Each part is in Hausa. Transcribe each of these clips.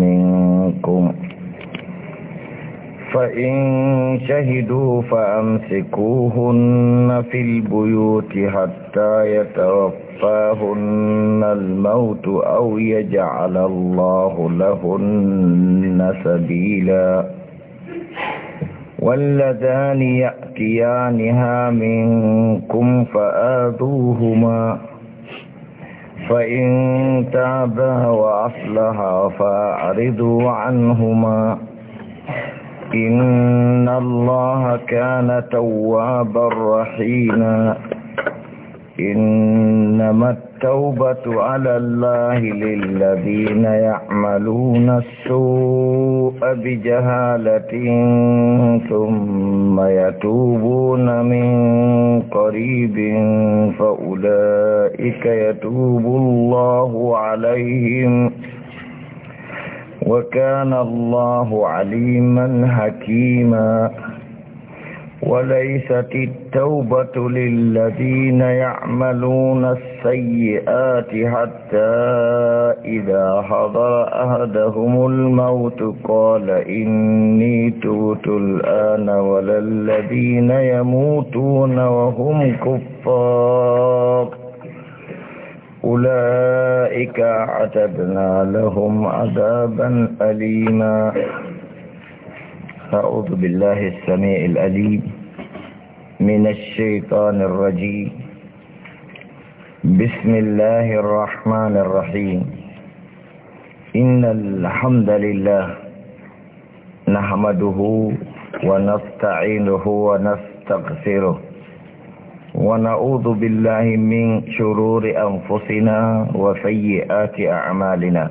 منكم فإن شهدوا فأمسكوهن في البيوت حتى يتوفاهن الموت أو يجعل الله لهن سبيلا واللذان يأتيانها منكم فآذوهما فآذوهما فإن تابا وأصلها فأعرضوا عنهما إن الله كان توابا رحيما إنما التوبة على الله للذين يعملون السوء بجهالة ثم يتوبون من قريب فأولئك يتوب الله عليهم وكان الله عليما حكيما وليست التوبة للذين يعملون السيئات حتى إذا حضر أهدهم الموت قال إني توت الآن ولا الذين يموتون وهم كفار أولئك اعتدنا لهم عذابا أليما أعوذ بالله السميع الأليم من الشيطان الرجيم بسم الله الرحمن الرحيم إن الحمد لله نحمده ونستعينه ونستغفره ونعوذ بالله من شرور أنفسنا وسيئات أعمالنا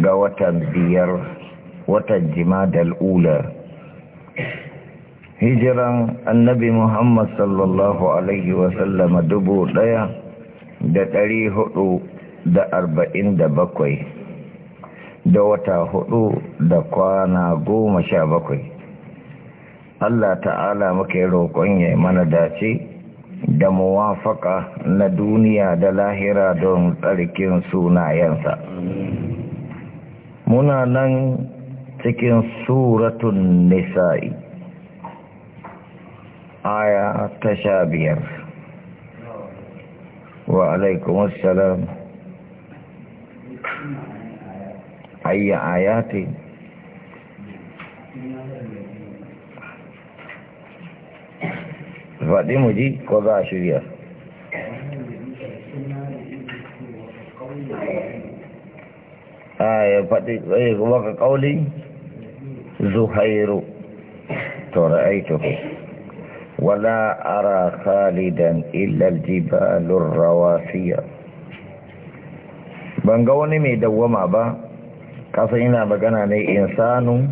ga watan biyar watan jimadal ula hijiran annabi muhammad sallallahu alaihi wasallam dubu daya da dari hudu da arba'in da bakwai da wata hudu da kwana goma sha bakwai Allah ta'ala muke roƙon ya mana dace da muwafaka na duniya da lahira don tsarkin sunayensa. muna nan cikin suratun nisa'i aya ta sha biyar wa alaikumussalam ayya ayati faɗi mu ji ko za a shirya ya faɗi tsaye ƙauli zuhairu to ra'aituhu wala ara khalidan illa aljibalur rawasiya ban ga wani mai dawwama ba kasa ina magana ne insanun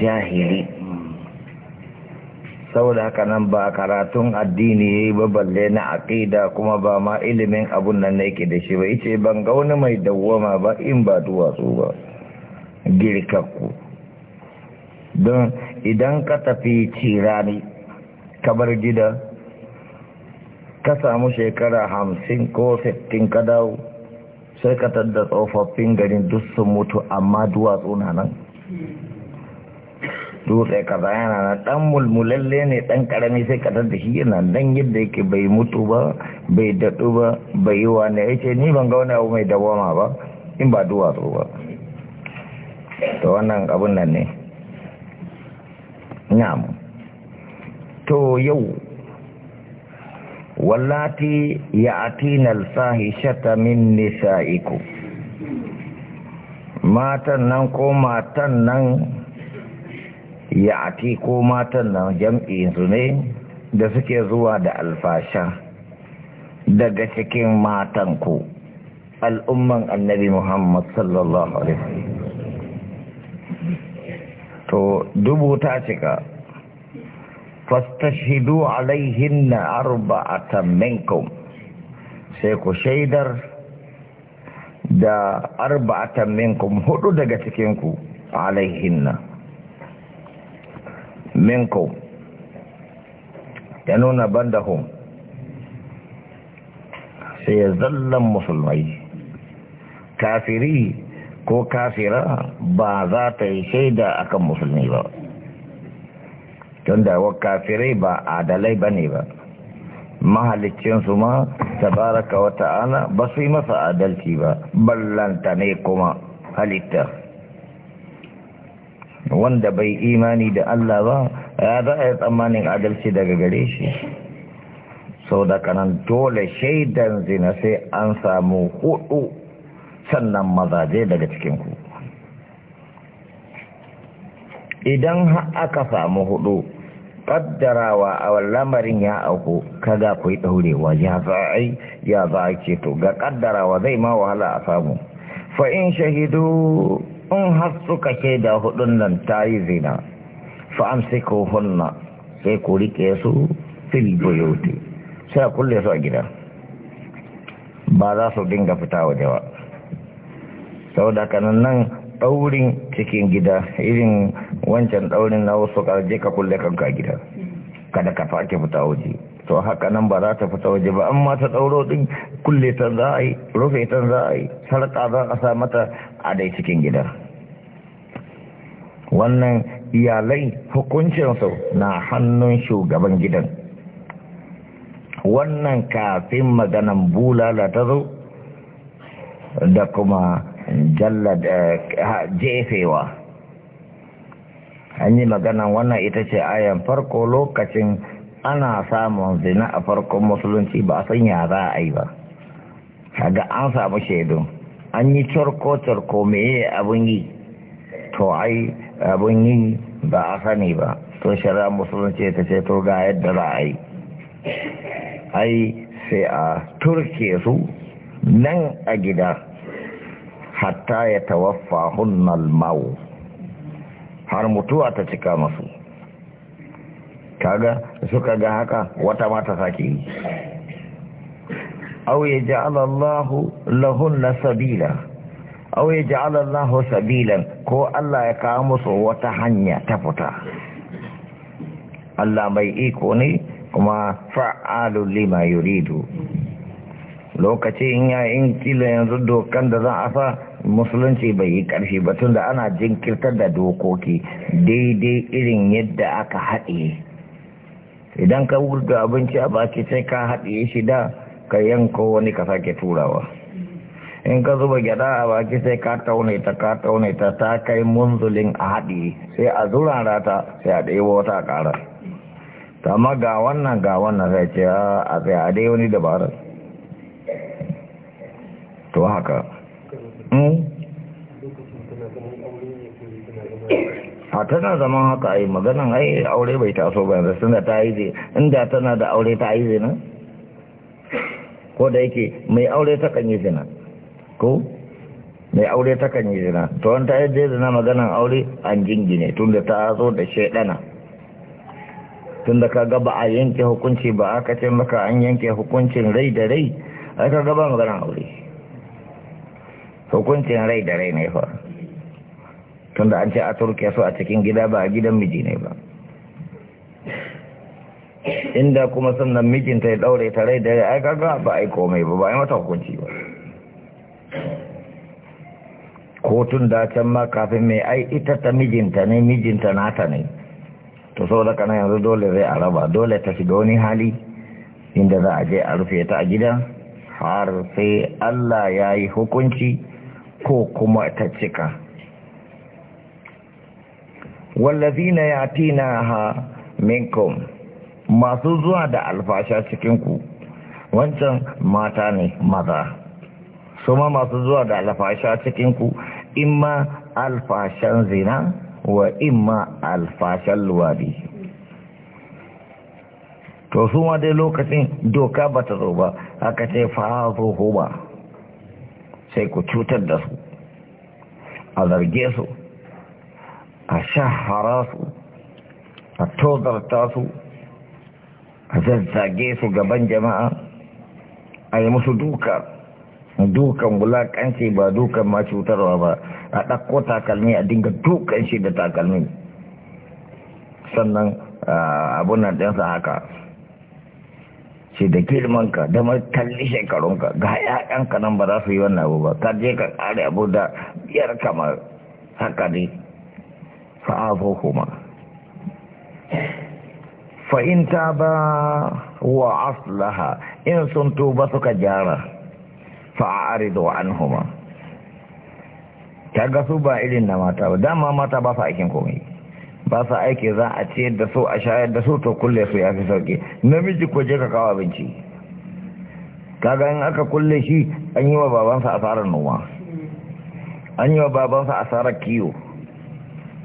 jahili saboda haka nan ba karatun addini ba balle na aqida kuma ba ma ilimin abun nan yake da shi ba yace ban ga wani mai dawwama ba in ba duwatsu ba girkakku don idan ka tafi cirani ka bar gida ka samu shekara hamsin ko sittin ka dawo sai ka tadda tsofaffin garin duk sun mutu amma duwatsu na nan dutse kaza yana na dan mulmulalle ne dan karami sai ka da shi yana dan yadda yake bai mutu ba bai dadu ba bai yi wani ya ce ni ban ga wani abu mai dawama ba in ba duwatsu ba to wannan abun nan ne na'am to yau wallati ya atina alfahishata min nisa'iku matan nan ko matan nan ya ati ko matan nan jam'in ne da suke zuwa da alfasha daga cikin matan ku al'umman annabi Muhammad sallallahu Alaihi to dubu ta cika fastashidu alaihin na arba'atan minkum sai ku shaidar da arba'atan minkum hudu daga cikinku alaihin na minkum ya nuna bandahum sai ya zallan musulmai kafiri ko kafira ba za ta yi shaida akan musulmi ba don da wa kafirai ba adalai ba ne ba mahalicinsu ma tabaraka wata'ala ba su yi masa adalci ba ballanta ne kuma halitta wanda bai imani da Allah ba ya za a yi tsammanin adalci daga gare shi sau da kanan dole shaidan zina sai an samu hudu sannan mazaje daga cikinku idan aka samu hudu ƙaddarawa a lamarin ya auku kaga ku yi daurewa ya za a yi ya za a ceto to ga ƙaddarawa zai ma wahala a samu fa'in shahidu in har suka da hudun nan ta yi zina ko hunna sai ku rike su fil buyuti sai a kulle su a gida ba za su dinga fita waje ba da kanan nan ɗaurin cikin gida irin wancan ɗaurin na wasu ƙarje ka kulle kanka gida kada ka fake fita waje to haka nan ba za ta fita waje ba amma ta ɗauro ɗin kulle ta za a yi rufe ta za a yi sarƙa za a sa mata a dai cikin gida wannan iyalai hukuncinsu na hannun shugaban gidan wannan kafin maganan bulala ta zo da kuma da eh, jefewa an yi maganan wannan ita ce ayan farko lokacin ana samun zina a farkon musulunci ba a san ya za a yi ba kaga an samu shaidu an yi corko-corko meye abin yi to ai abin yi ba a sani ba to shari'a musulunci ta ce to ga yadda za a yi ai sai a turke su nan a gida hatta ya tawaffa hunnal mawu. har mutuwa ta cika masu kaga suka ga haka wata mata sake yi au ya ja'ala sabila au ya ja'ala Allahu sabilan ko Allah ya kawo musu wata hanya ta fita Allah mai iko ne kuma fa'alu lima yuridu lokaci in ya in kila yanzu dokan da za a sa musulunci bai yi ƙarfi ba tunda ana jinkirtar da dokoki daidai irin yadda aka haɗe idan ka wurga abinci a baki sai ka haɗiye shi da ka yanko wani ka sake turawa in ka zuba gyada a baki sai ka taunaita ka taunaita ta kai munzulin a haɗiye sai a zurara ta sai a ɗaya wata ƙara amma ga wannan ga wannan sai ce ah, a tsaye a dai wani dabarar to haka hmm? a tana zaman haka ai maganan ai aure bai taso ba yanzu tunda ta yi inda tana da aure ta yi zina ko da yake mai aure ta kan yi zina ko mai aure ta kan yi zina to wanda ta yi zina maganan aure an jingine tunda ta zo da shaidana tunda ka ga ba a yanke hukunci ba aka ce maka an yanke hukuncin rai da rai ai ka ga ba maganan aure hukuncin rai da rai ne fa tunda an ce a turke su a cikin gida ba a gidan miji ne ba inda kuma sannan mijinta ya daure ta rai da ya aika ga ba a yi komai ba ba a yi mata hukunci ba kotun da can ma kafin mai ai ita ta mijinta ne mijinta nata ne to sau da kana yanzu dole zai a raba dole ta shiga wani hali inda za a je a rufe ta a gida har sai Allah ya yi hukunci ko kuma ta cika wallazina yatinaha minkum masu zuwa da alfasha cikin ku wancan mata ne maza Suma ma masu zuwa da alfasha cikin ku imma alfashan zina wa imma alfashan luwadi to su ma dai lokacin doka ba ta zo ba aka ce ho ba, sai ku cutar da su a zarge su a shahara su a tozarta su a zazzage su gaban jama'a a yi musu duka dukan wulaƙanci, ba dukan ma cutarwa ba a ɗakko takalmi a dinga dukan shi da takalmi sannan abunan ɗansa haka shi da girmanka da mai kalli shekarunka ga ‘ya'yanka nan ba za su yi wannan abu ba ka je ka ƙare abu da biyar kamar haka ne فعافوهما فإن تابا وأصلها إن سنتوبتك جارة فأعرضوا عنهما kaga su ba irin na mata ba dama mata ba sa aikin komai ba sa aiki za a ciyar da su a shayar da su to kulle su ya fi sauki namiji ko je ka kawo abinci kaga in aka kulle shi an yi wa babansa asarar noma an yi wa babansa asarar kiwo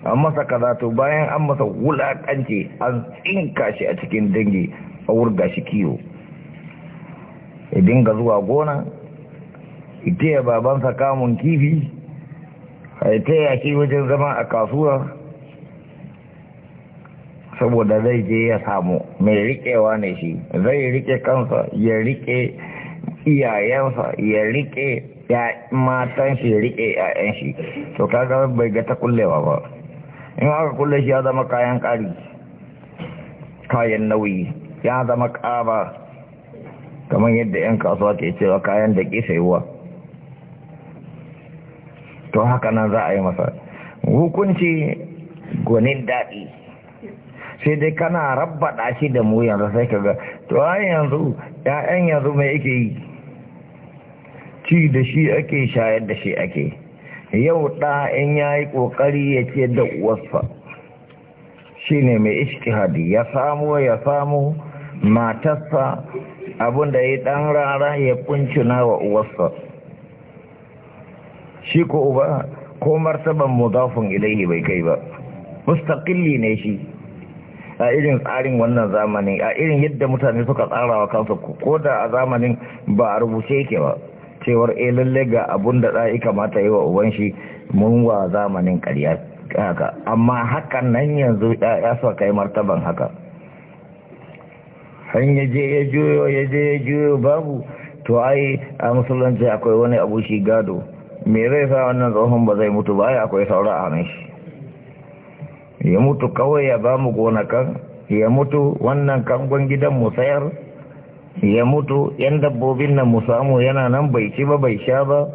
an masa kaza to bayan an masa wulakanci an tsinka shi a cikin dangi a wurga shi kiwo ya dinga zuwa gona ita ya babansa kamun kifi ita ya shi wajen zama a kasuwa saboda zai je ya samu mai riƙewa ne shi zai riƙe kansa ya riƙe iyayensa ya riƙe matan shi ya riƙe 'ya'yan shi to kaga bai ga ta kullewa ba in aka kulle shi ya zama kayan ƙari kayan nauyi ya zama ƙaba kamar yadda 'yan kasuwa ke cewa kayan da ke saiwa to haka nan za a yi masa hukunci gwanin daɗi sai dai kana rabbaɗa shi da mu yanzu sai ka ga to an yanzu ‘ya'yan yanzu mai ake yi ci da shi ake shayar da shi ake yau ɗa in ya yi ƙoƙari ya ce da uwarsa shi ne mai ishtihadi ya samu ya samu matarsa abinda ya ɗan rara ya kuncina wa uwarsa shi ko uba ko martaban mudafin ilaihi bai kai ba mustaƙilli ne shi a irin tsarin wannan zamani a irin yadda mutane suka tsara wa kansu ko da a zamanin ba a rubuce yake ba cewar eh lalle ga abun da za kamata yi wa uban shi mun wa zamanin ƙarya haka amma hakan nan yanzu ya sa kai martaban haka han ya je ya juyo ya je ya juyo babu to ai a musulunci akwai wani abu shi gado me zai sa wannan tsohon ba zai mutu ba ya akwai saura a shi ya mutu kawai ya ba mu gonakan ya mutu wannan kangon gidan mu sayar ya mutu yan dabbobin nan mu samu yana nan bai ci ba bai sha ba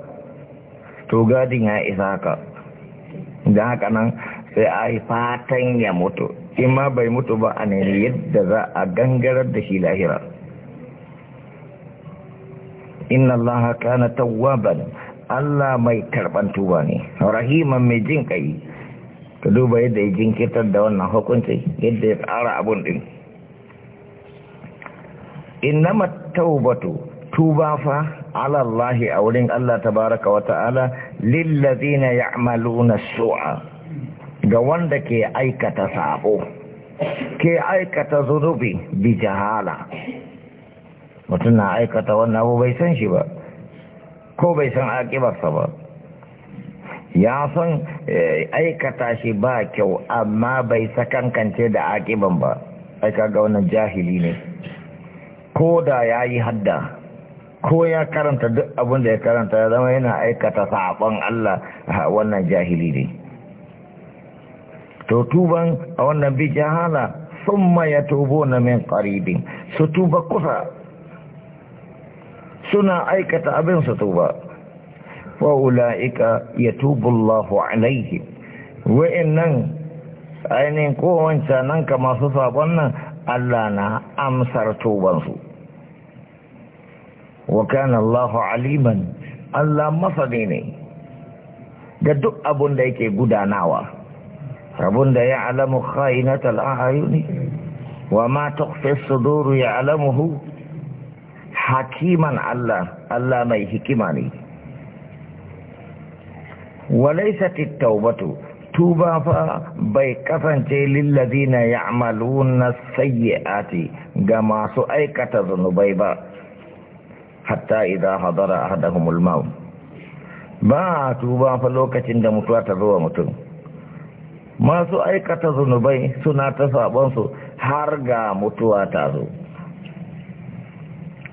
to gadin ya isa ka da haka nan sai a yi fatan ya mutu in ma bai mutu ba a ne yadda za a gangarar da shi lahira inna na kana tawwaban allah mai karban tuba ne rahiman mai jin kai ka duba yadda ya jinkirtar da wannan hukunci yadda ya tsara abun ɗin. innama taubatu tuba fa ala Allah a wurin Allah tabaraka wa ta'ala lillazina ya'maluna su'a ga wanda ke aikata sabo ke aikata zunubi bi jahala mutum na aikata wannan abu bai san shi ba ko bai san akibarsa ba ya san aikata shi ba kyau amma bai sakankance da akiban ba aika ga wannan jahili ne ko da ya yi hadda ko ya karanta duk abin da ya karanta ya zama yana aikata saɓon Allah a wannan jahili ne to tuban a wannan bi jahala sun ya tobo na min ƙaribin su tuba kusa suna aikata abin su tuba ula’ika ya tubullahu alaihi wa'in nan ainihin kowancan nan ka masu saɓon nan Allah na amsar tubansu wa kana aliman Allah masani ne da duk abun da yake gudanawa abun da ya alamu kha'inatal a'yuni wa ma tukhfi as-sudur hakiman Allah Allah mai hikima ne walaysat at-taubatu tuba fa bai kasance lillazina ya'maluna as-sayyi'ati ga masu aikata zunubai ba hatta idan hadara ahadahumul maut ba tuba fa lokacin da mutuwa ta zo wa mutum masu aikata zunubai suna ta sabonsu har ga mutuwa ta zo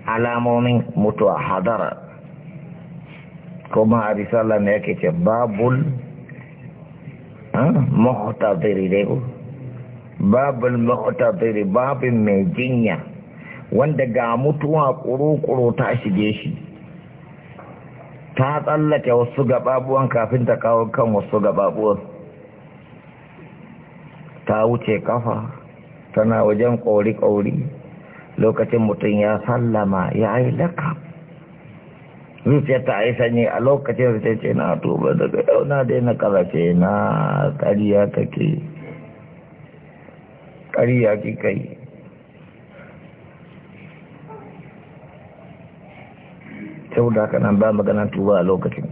alamomin mutuwa hadara kuma a risala ne yake ce babul mahutaziri dai babul mahutaziri babin mai jinya wanda ga mutuwa ƙuruƙuru ta shige shi ta tsallake wasu gababuwan kafin ta kawo kan wasu gababuwan ta wuce kafa tana wajen ƙori-ƙori lokacin mutum ya sallama ya yi laka zuciya ta yi sanyi a lokacin da ce na tuba daga yau na karafe na ƙariya kake ƙariya kika yi sau da haka nan ba magana tuba a lokacin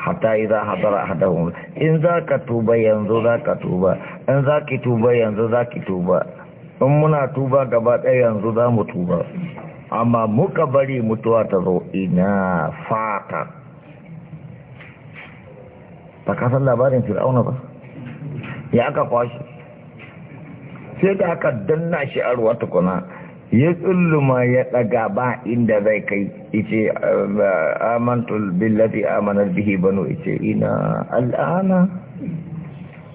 hatta iza hadara ahadahum in za ka tuba yanzu za ka tuba in za ki tuba yanzu za ki tuba in muna tuba gaba ɗaya yanzu za mu tuba amma muka bari mutuwa ta zo ina fata ba ka san labarin fir'auna ba ya aka kwashe sai da aka danna shi a ruwa tukuna ya tsulluma ya daga ba inda zai kai ice amantul billati amanar bihi banu ice ina al'ana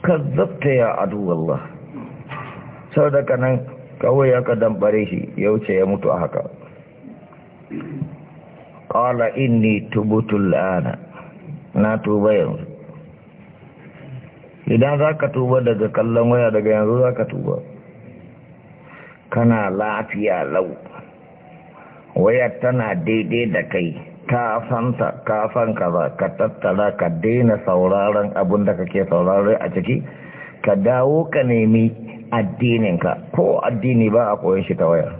kazzabta ya adu wallah sau da kanan kawai ya ka dambare shi ya wuce ya mutu a haka ƙala inni tubutul ana na tuba yanzu idan za ka tuba daga kallon waya daga yanzu za ka tuba kana lafiya lau wayar tana daidai da kai ka fanta ka kaza ka tattara ka daina sauraron abin da kake sauraro a ciki ka dawo ka nemi addininka ko addini ba a koyon shi ta wayar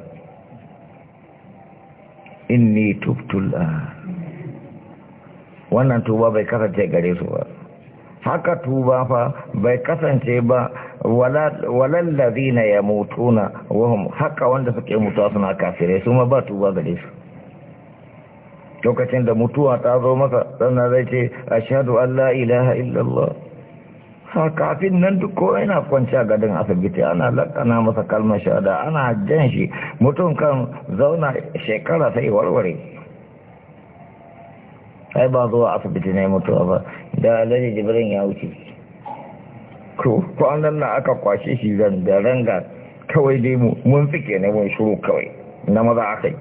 inni tubtula wannan tuba bai kasance gare su ba haka tuba fa bai kasance ba ya yamutuna wahum haka wanda suke mutuwa suna kafirai su ma ba tuba gare su lokacin da mutuwa ta zo masa sannan zai ce ashhadu an la ilaha illallah sa kafin nan duk ko yana kwanciya gadon asibiti ana lakana masa kalmar shahada ana jan shi mutum kan zauna shekara sai warware ai ba zuwa asibiti ne mutuwa ba da alhaji jibrin ya wuce ko kwanan na aka kwashe shi zan? da ranga kawai dai mu mun fike ne mun shuru kawai na maza aka yi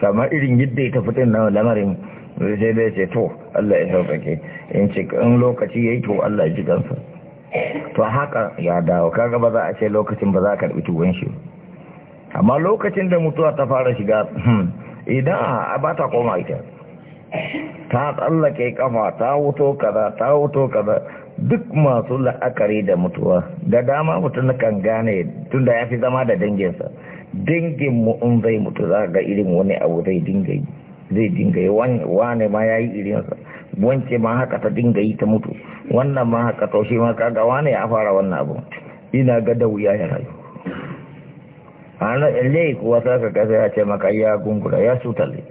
sama irin yadda ya fitin na lamarin sai dai ce to Allah ya sauƙaƙe in ce in lokaci ya yi to Allah ya ji gansa to haka ya dawo kaga ba za a ce lokacin ba za ka karɓi tuwon shi amma lokacin da mutuwa ta fara shiga hmm, idan a ba ta koma ita ta tsallake kafa ta wuto kaza ta wuto kaza duk masu la'akari da mutuwa da dama mutum kan gane tun da ya fi zama da danginsa dangin mu in zai mutu za ga irin wani abu zai dinga yi zai dinga yi wane ma ya yi irinsa wance ma haka ta dinga yi ta mutu wannan ma haka to shi ma kaga wane ya fara wannan abu ina ga da wuya ya rayu a nan kuwa sa ka kasa ya ce maka ya gungura ya sutale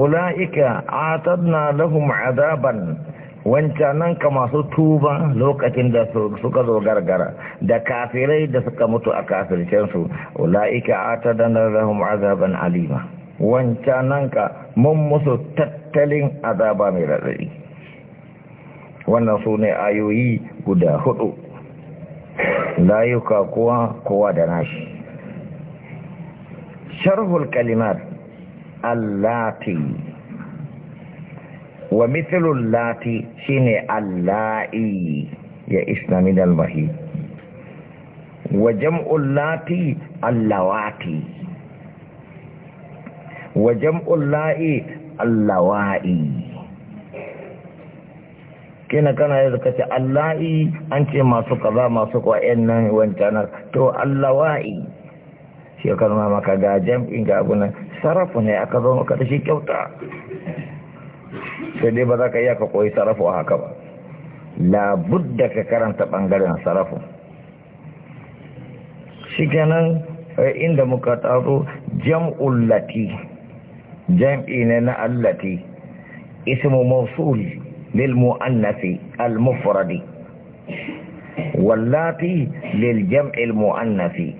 ula'ika atadna lahum azaban wancanan ka masu tuba lokacin da suka zo gargara da kafirai da suka mutu a kafircensu ula'ika atadna lahum azaban alima wancanan ka mun musu tattalin azaba mai raɗaɗi wannan su ayoyi guda hudu layuka kuwa kowa da nashi sharhul kalimat allati wa mithlul lati shine allai ya isna min al-mahi wa jam'ul lati allawati wa jam'ul la'i allawai kina kana yanzu kace allahi an ce masu kaza masu kwa'en nan wancanar to allawa'i shi ka maka ga jam'in ga nan sarrafu ne aka zo maka da shi kyauta sai dai ba za ka iya ka koyi sarrafu a haka ba labudda ka karanta bangaren sarrafu shi kenan inda muka taro jam'ul lati jam'i ne na allati ismu mawsul lil muannasi al mufradi wallati lil jam'il muannasi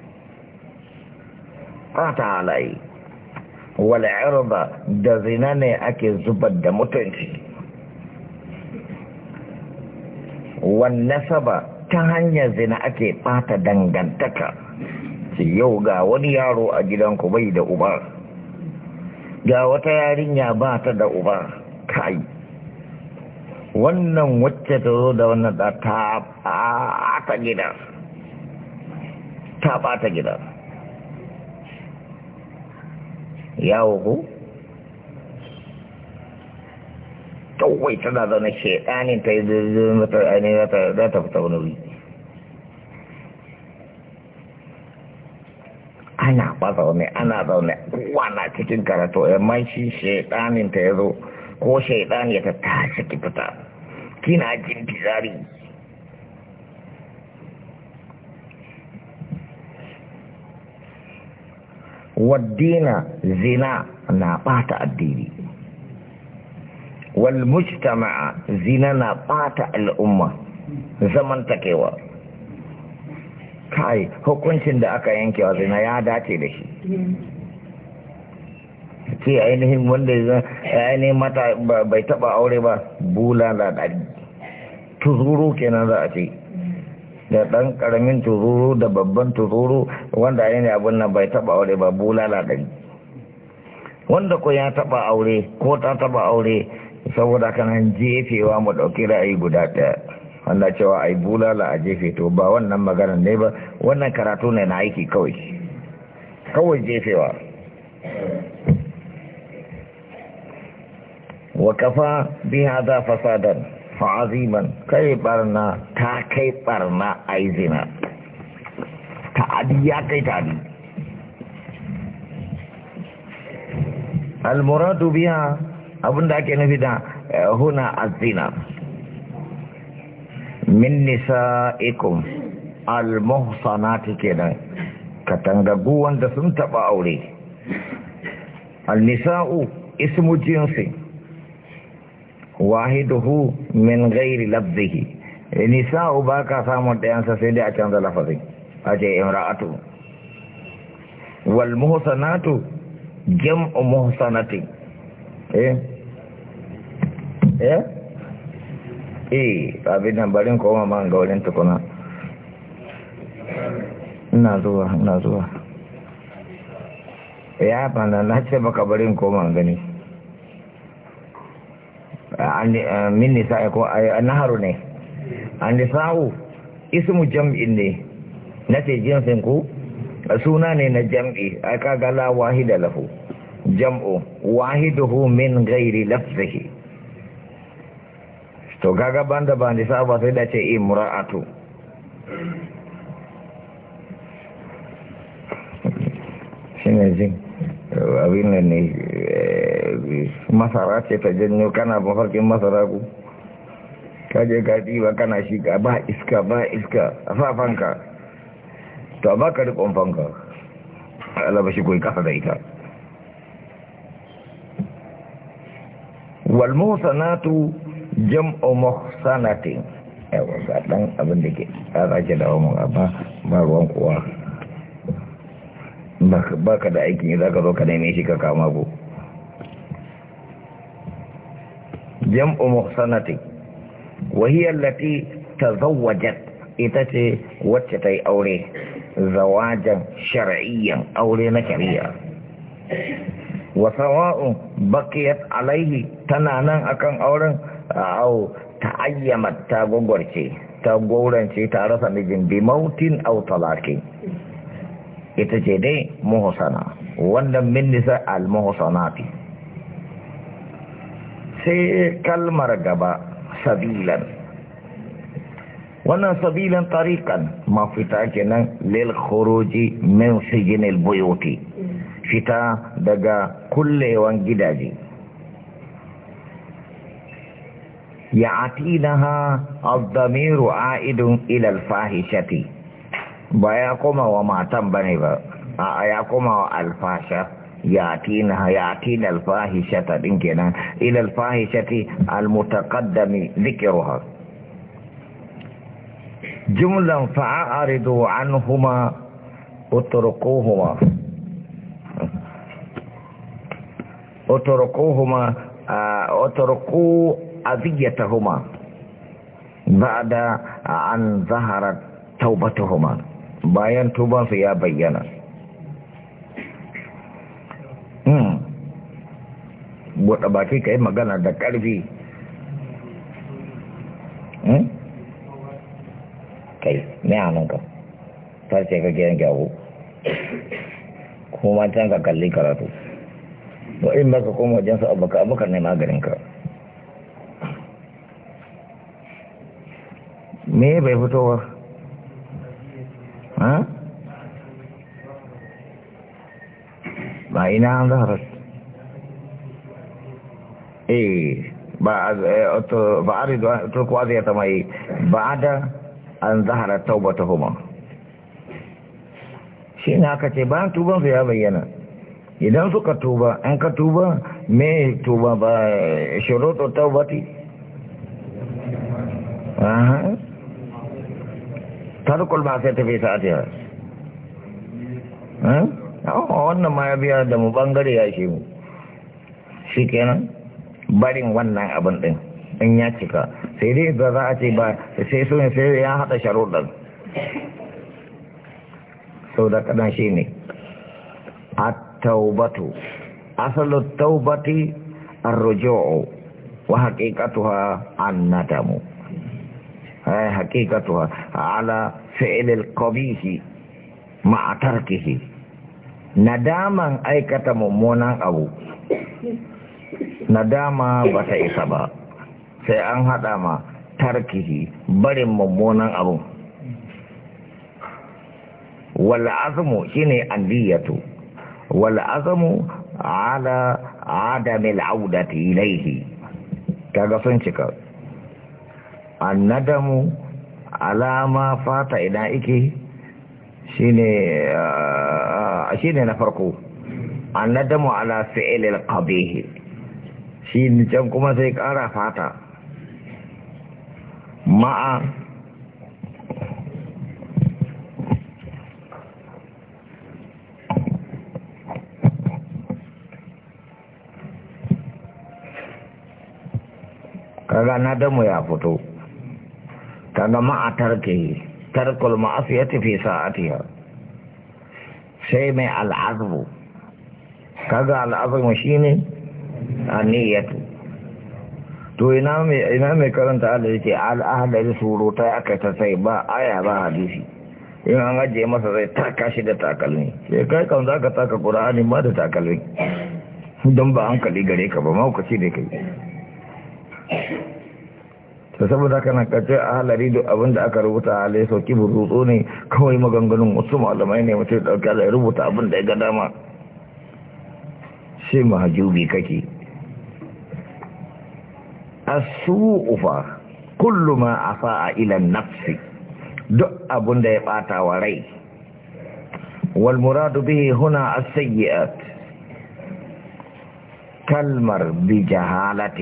fata alai wale arba da zina ne ake zubar da mutunci wan nasaba ta hanyar zina ake bata dangantaka su yau ga wani yaro a gidanku bai da uba ga wata yarinya ba ta da uba kai wannan wacce ta zo da wannan ta ta gida ta bata gida yawo ku kawai tana zaune shaɗanin ta yi zirgin mata ainihin za ta fita wani wuri ana ba zaune ana zaune kowa na cikin karatu amma shi shaɗanin ta ya zo ko shaidan ya ta tashi ki fita kina jin fitsari waddina zina na bata addini wal mujtama'a zina na ɓata al'umma zamantakewa kai hukuncin da aka yanke wa zina ya dace da shi ke ainihin wanda ya ainihin mata bai taba aure ba bulala da tuzuru kenan za a ce da ɗan ƙaramin tururu da babban tururu wanda ne abin nan bai taɓa aure ba bulala ɗari wanda ko ya taɓa aure ko ta taɓa aure saboda kanan jefewa mu ɗauki ra'ayi guda ɗaya wanda cewa ai bulala a jefe to ba wannan magana ne ba wannan karatu ne na aiki kawai kawai jefewa wa kafa biha da fasadan fa'aziman kai barna ta kai barna a yi zina ta'adi ya kai ta'adi almuradu biya abinda ake nufi da eh, huna azina min nisa ikum ke kenan katangagu wanda sun taɓa aure alnisa'u ismu jinsi wahiduhu min ghairi labzihi eh, nisa'u ba ka samun ɗayansa sai dai a canza lafazin a ce imra'atu wal muhsanatu jam'u muhsanati eh eh eh abin nan barin koma man ga wurin tukuna ina zuwa ina zuwa ya bana na ce baka barin koma gani Eh, min nisa ko naharu ne an nisa'u ismu jam'in ne na ce jinsin ku suna ne na jam'i aka gala wahida lahu jam'u wahiduhu min gairi lafzihi to gaga banda ba nisa ba sai da ce imra'atu shine jin eh, abin ne eh, masara ce ta janyo kana mafarkin masara ku kaje ka ba kana shiga ba iska ba iska a fafanka fanka to ba ka rikon fanka bashi kuwa kasa da ita walmusanatu jam'u muhsanatin yawa ga dan abin da ke tsara da dawo mu ba ba ruwan kuwa ba ka da aikin za ka zo ka neme shi ka kama ko jam'u muhsanati wa hiya ta tazawwajat ita ce wacce ta yi aure zawajan shar'iyyan aure na kariya wa sawa'un alaihi tana nan akan auren au ta'ayyamat ta gwagwarce ta gorance ta rasa mijin bi mautin au ita ce dai muhsana wannan min nisa al muhsanati sai kalmar gaba sabilan wannan sabilan tarikan mafita kenan lil khuruji min siginal buyuti fita daga kullewan gidaje Ya ad-damiru a'idun ila al-fahishati ba ya koma wa matan bane ba a ya koma wa al fahishati ياتين ياتينا الفاحشة دينكنا إلى الفاحشة المتقدم ذكرها جملا فأعرضوا عنهما اتركوهما اتركوهما آه، اتركوا أذيتهما بعد أن ظهرت توبتهما bayan tubansu فيها bayyana buɗe baki ka yi magana da ƙarfi hmm? kai mai hannunka ta ce ka gyan gyawo kuma can ka kalli karatu ba in baka koma wajen su abokan abuka ne maganinka me bai fitowa ha ba ina an zaharar eh ba eh, ba aridu turku aziyata mai ba'ada an zahara huma, shi ne aka ce bayan su ya bayyana idan suka tuba an ka tuba me tuba ba shiroto taubati tarkul ba sai tafi sa'adiyar oh, wannan ma ya biya da mu bangare ya shi mu shi kenan barin wannan abin din in ya cika sai dai ba za a ce ba sai sun sai ya haɗa sharuɗar sau da kadan shi ne a taubatu asalin taubati arrojo'o wa haƙiƙatuwa an nadamu eh, haƙiƙatuwa ala fi'ilil qabihi ma'a tarkihi nadaman aikata mummunan abu nadama ba ta isa ba sai an haɗa ma tarkihi barin mummunan abu wala azumu shine andiyatu wala azumu ala adamil audati ilaihi kaga sun cika nadamu alama fata ina ike shine ah, ah, shine na farko nadamu ala fi'lil qabih shi can kuma sai kara fata ma'a kaga na damu ya fito kaga ma'a tarke tarkul ma'asiyati fi sa'atiha sai mai al'azbu kaga al'azbu shine aniyatu to ina mai ina mai karanta da yake al-ahlal surutai aka ta sai ba aya ba hadisi in an ajiye masa zai taka shi da takalmi sai kai kan zaka taka qur'ani ma da takalmi don ba hankali gare ka ba maukaci da kai ta saboda kana kace a halari duk abinda aka rubuta a halai sauki burutsu ne kawai maganganun wasu malamai ne mutum dauka da rubuta abinda ya ga dama sai mahajubi kake السوء فا كل ما أساء إلى النفس دؤ أبن دي باتا وري والمراد به هنا السيئات كالمر بجهالة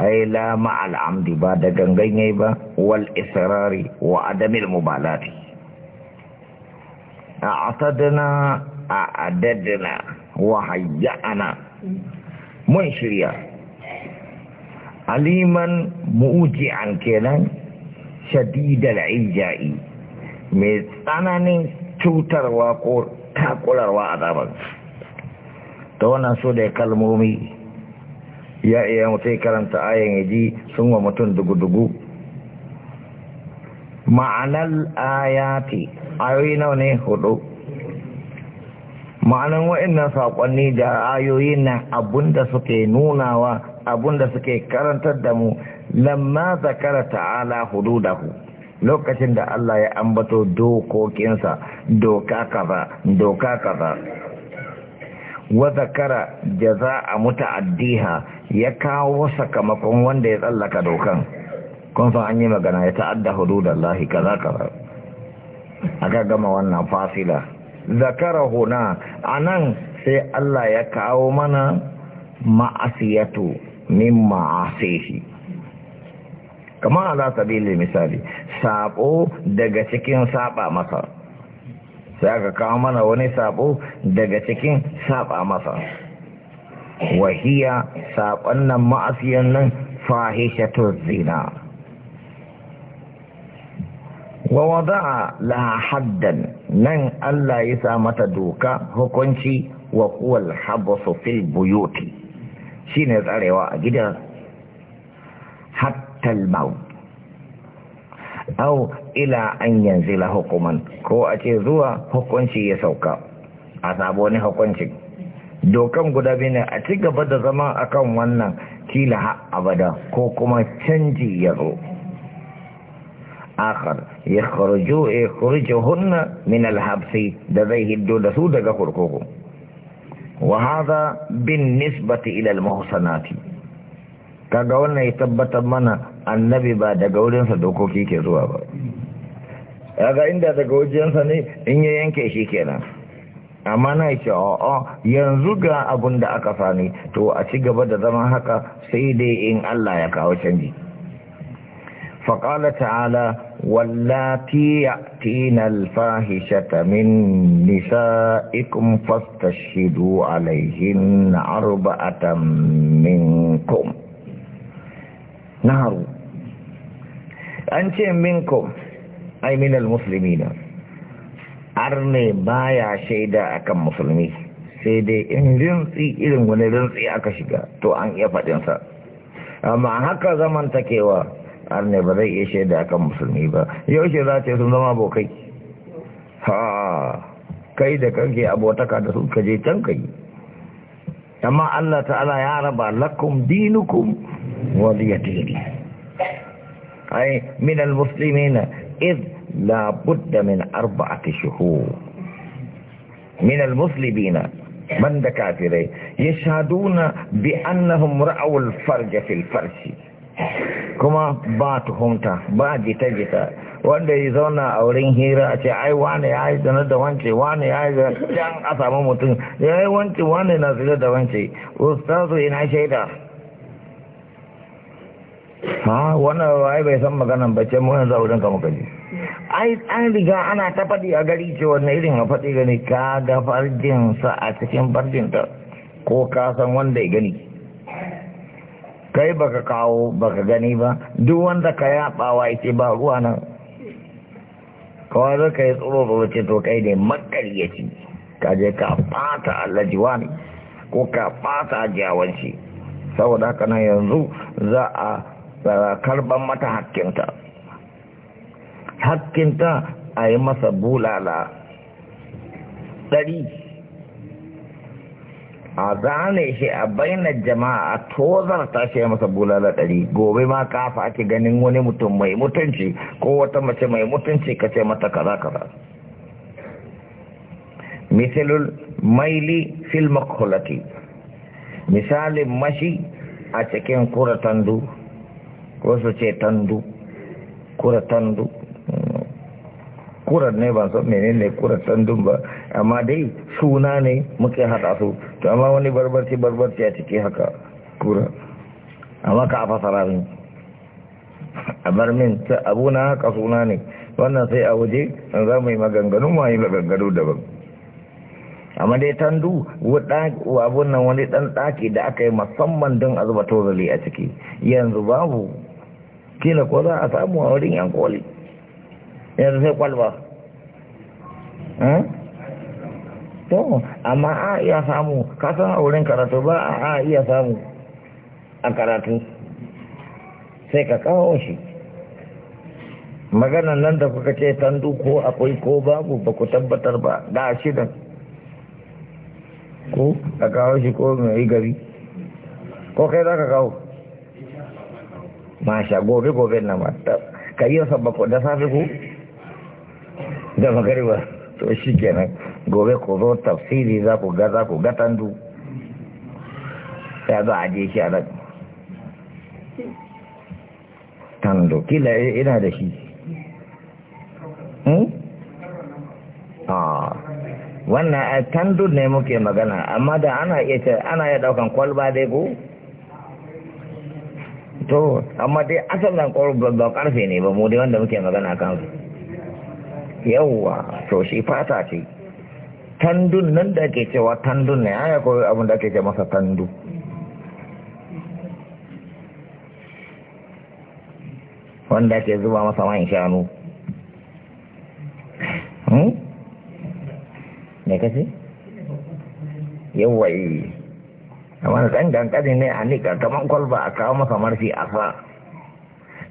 أي لا مع العمد بعد جنجيبة والإصرار وعدم المبالاة أعتدنا أعددنا وحيأنا من شريعه aliman mu'uji'an kenan shadidal ija'i mai tsananin cutarwa ko takurarwa a zaman ta wannan so da kalmomi ya iya mutai karanta ayan yaji sun wa mutum dugu-dugu ma'anar ayati ayoyi nawa ne hudu ma'anar wa'annan saƙonni da ayoyin nan abinda suke nunawa da suke karantar da mu lamma zakara ta'ala hududahu lokacin da Allah ya ambato dokokinsa doka kaza doka kaza wa zakara jaza'a muta'addiha ya kawo sakamakon wanda ya tsallaka dokan kun san an yi magana ya ta'adda hududallahi kaza kaza aka gama wannan fasila zakara huna anan sai Allah ya kawo mana ma'asiyatu min ma'asihi kamar ala sabili misali sabo daga cikin saba masa sai aka kawo mana wani sabo daga cikin saba masa wahiya saban nan ma'asiyan nan fahishatun zina wa wada'a la haddan nan Allah ya sa mata doka hukunci wa kuwal habasu fil Shi ne tsarewa a gidan hatta al ila an yanzu la hukuman ko a ce zuwa hukunci ya sauka a sabo ne hukunci dokan guda biyu ne a ci gaba da zama akan wannan kila ha abada ko kuma canji ya zo akar ya kharuju e min alhabsi da zai hiddo da su daga kurkuku وهذا بالنسبة إلى المحسنات kaga wannan ya tabbatar mana annabi ba daga wurinsa dokoki ke zuwa ba kaga inda daga wujensa ne in ya yanke shi kenan amma na ce o'o yanzu ga abun da aka sani to a ci gaba da zama haka sai dai in Allah ya kawo canji faƙala ta'ala wallati ya tina alfahi shatamin nisa ikun fasta shidu a tamin kom na haru an ce min kom Aminal musulmi na har ne ba ya shaida a kan musulmi sai dai in rinsi irin wani rinsi aka shiga to an iya faɗinsa. amma haka zamantakewa ne ba zai iya shaida kan musulmi ba yau shi za ce sun zama bokai ha kai da kanke abotaka da sun kaje can kai amma Allah ta'ala ya raba lakum dinukum wa liyadini ai min almuslimina id la budda min arba'ati shuhur min almuslimina من دكاتره يشهدون بأنهم رأوا الفرج في الفرش kuma ba tuhunta, ba jita-jita wanda ya zauna a wurin hira a ce ai wane ya yi zane da wance wane ya yi can a samu mutum ya yi wance wane na zane da wance ustazu ina shaida ha wannan ai bai san maganan bace mu yanzu a wurin ka muka ji ai an riga ana ta faɗi a gari ce wannan irin a faɗi gani ka ga farjinsa a cikin farjinta ko ka san wanda ya gani kai baka kawo baka gani ba duk wanda ka yabawa yake ba ruwa nan kawai zai ka yi tsoro ba wace to kai ne makaryaci ka je ka fata ne, ko ka fata jawanci saboda haka nan yanzu za a karban mata hakkinta hakkinta a yi masa bulala ɗari a zane shi a bainar jama'a a tozar ta shi masa bulala ɗari gobe ma kafa ake ganin wani mutum mai mutunci ko wata mace mai mutunci ka ce mata kaza kaza misalul maili fil makulati misalin mashi a cikin kura tandu ko su ce tandu kura tandu kurar ne ba san menene kurar sandun ba amma dai suna ne muke hada su to amma wani barbarci barbarci a ciki haka kura amma ka a fasara min a bar min ta abu na haka suna ne wannan sai a waje an za mu yi maganganu ma yi maganganu daban amma dai tandu abun nan wani dan daki da aka yi musamman don a zuba tozali a ciki yanzu babu kila ko za a samu a wurin yan koli yanzu sai kwalba to amma a iya samu kasan a wurin karatu ba a iya samu a karatu sai ka kawo oh, shi maganan nan da kuka ce tandu ko akwai ko babu ba ku tabbatar ba da da ko a kawo shi ko mai gari ko kai za ka kawo masha gobe gobe na mata ka yi sabba da safe ku da magariba to shi kenan gobe ku zo tafsiri za ku ga za ku ga tandu ya zo aje shi a nan tandu kila e, ina da shi hmm? ah, wannan a eh, tandu ne muke magana amma da ana iya ce ana iya daukan kwalba dai ku to amma dai asalin kwalba ba karfe ne ba mu dai wanda muke magana kan su yawwa to shi fata ce tandun nan da ke cewa tandun ne ya koyo abin da ake ce masa tandu wanda ke zuba masa man shanu ne hmm? kasi yawwa yi eh. amma da ɗan gankari ne a nika kamar kwalba a kawo masa marfi a sa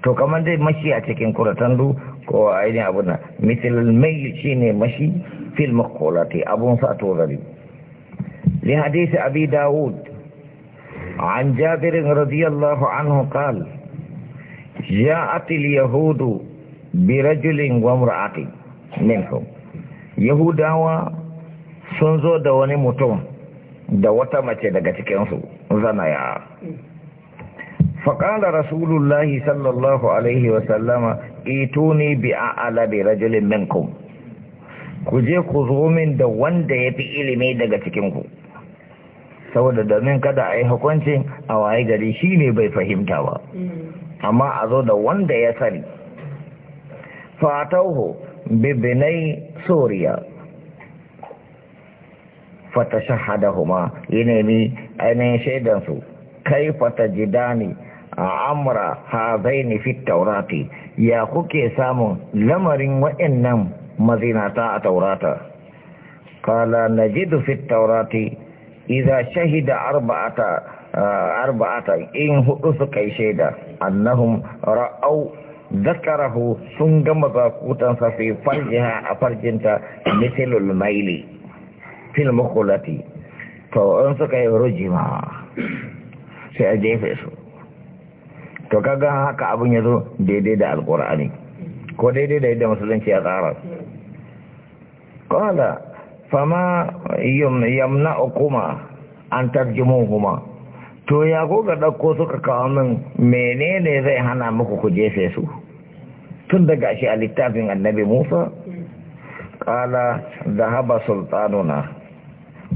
to kamar dai mashi a cikin kura tandu ko ainihin abu na misalin mai shi ne mashi fil makolati abun sa turari li hadisi abi dawud an jabirin radiyallahu anhu kal. ya atil yahudu birajulin rajulin wa yahudawa sun zo da wani mutum da wata mace daga cikinsu zanaya faƙala rasulullahi sallallahu alaihi wasallama ituni bi a'ala bi rajulin minkum ku je ku zo min da wanda ya fi ilimi daga cikin ku saboda domin kada a yi hukuncin a waye gari shi ne bai fahimta ba amma a zo da wanda ya sani fatauhu bibinai soriya fata shahada huma nemi ainihin shaidansu kai fata jidani a amura ha zai nufi taurati ya kuke samun lamarin waɗannan mazinata a taurata kala najidu fi taurati Iza shahida arba'ata arba'ata in hudu su kai shaida annahum ra'au zakarahu sun gama zakutan sa fi farjiha a farjinta mitilul maili fil mukulati to in suka yi rujima sai a jefe su to kaga haka abin ya zo daidai da alkur'ani ko daidai da yadda musulunci ya tsara kawala fama yamna hukuma an tarjimin huma to ya goga ɗauko suka kawo min menene zai hana muku ku jefe su tun da gashi a littafin annabi musa ƙala dhahaba sultanuna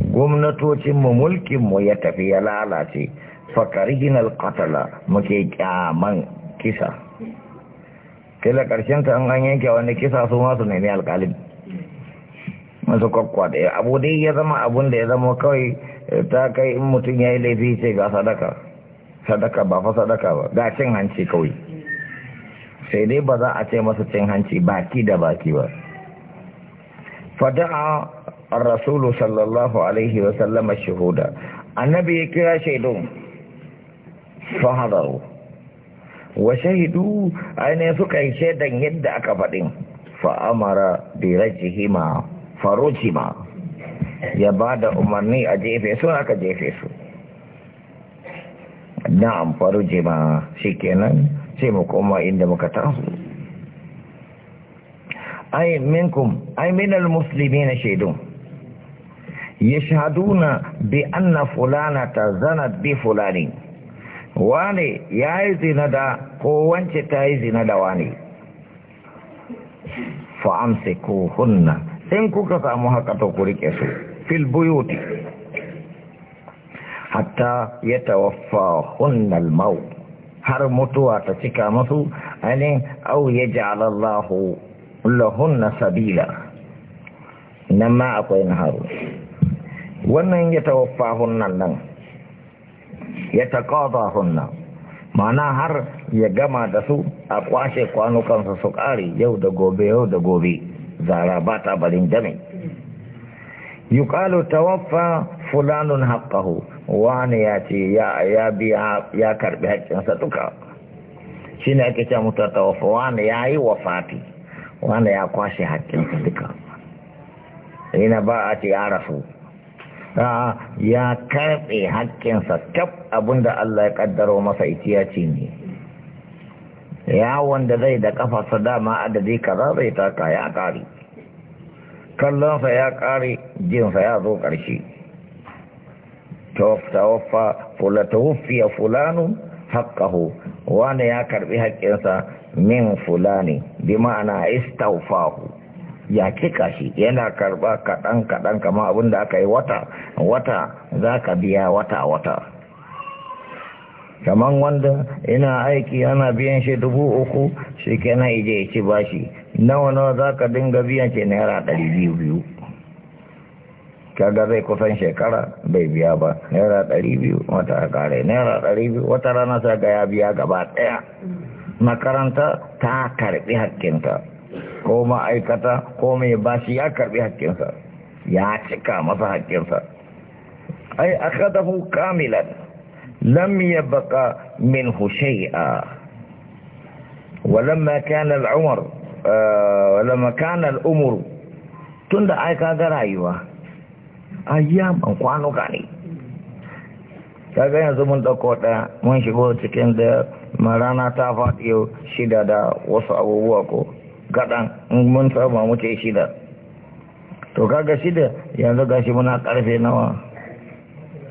gwamnatocinmu mulkinmu ya tafi ya lalace fakarihin alƙatala muke kyaman kisa kila ƙarshen ta an yanke wani kisa su masu nemi alƙalin masu kwakwa da abu dai ya zama abun da ya zama kawai ta kai in mutum ya yi laifi ce ga sadaka sadaka ba fa sadaka ba ga cin hanci kawai sai dai ba za a ce masa cin hanci baki da baki ba fada'a ar-rasulu sallallahu alaihi wa sallama shuhuda annabi ya kira shaidun fahadaru wa shahidu ainihin suka yi shaidan yadda aka faɗin fa'amara da rajihima ma. ya ba da umarni a jefe su aka jefe su na'am farojima shi kenan sai mu koma inda muka taso ai minkum ai minal musulmi na shaidun ya shahaduna bi anna fulana ta zana bi fulani wane ya yi zina da ko ta yi zina da wane fa'amse ko hunna in kuka samu haka ta ku rike su fil buyuti hatta ya tawaffa hunnal mau har mutuwa ta cika masu ainihin au ya ji alallahu lahunna sabila nan ma akwai na haru wannan ya tawaffa hunnan nan ya taƙaza hunna ma'ana har ya gama da su a kwashe kwanukansa su ƙare yau da gobe yau da gobe zara ba ta barin jami yuƙalu tawaffa fulanun haƙƙahu wani ya ce ya karɓi haƙƙinsa duka shi ne ake ce mutu tawaffa wani ya yi Fati, wani ya kwashe haƙƙinsa duka ina ba a ce ya rasu ya karɓe haƙƙinsa tab abinda Allah ya ƙaddaro masa itiya ce ne Ya wanda zai da ƙafasa dama adadi kaza zai taka ya ƙari kallonsa ya ƙari jinsa ya zo ƙarshe tawaffa fula fulanu haƙƙahu wani ya karɓi haƙƙinsa min fulani bi ma'ana istaufahu ya cika shi yana karba kaɗan kaɗan kama abin da aka yi wata wata za ka biya wata wata kaman wanda ina aiki ana biyan shi dubu uku shi kenan ije ya ci bashi nawa nawa za ka dinga biyan ce naira ɗari biyu biyu kaga zai kusan shekara bai biya ba naira ɗari biyu wata kare naira ɗari biyu wata rana sa ga ya biya gaba ɗaya makaranta ta karɓi hakkinta ko ma'aikata ko mai bashi ya karbi haƙƙinsa ya cika masa haƙƙinsa ai akadahu kamilan lam yabqa minhu shay'a walamma kana al eh, walamma kana tunda ai kaga rayuwa ayyaman kwanuka ne kaga yanzu mun ɗauko ɗaya mun shigo cikin da marana ta faɗi shida da wasu abubuwa ko gaɗan in mun saba muke shida to kaga shida yanzu gashi muna karfe nawa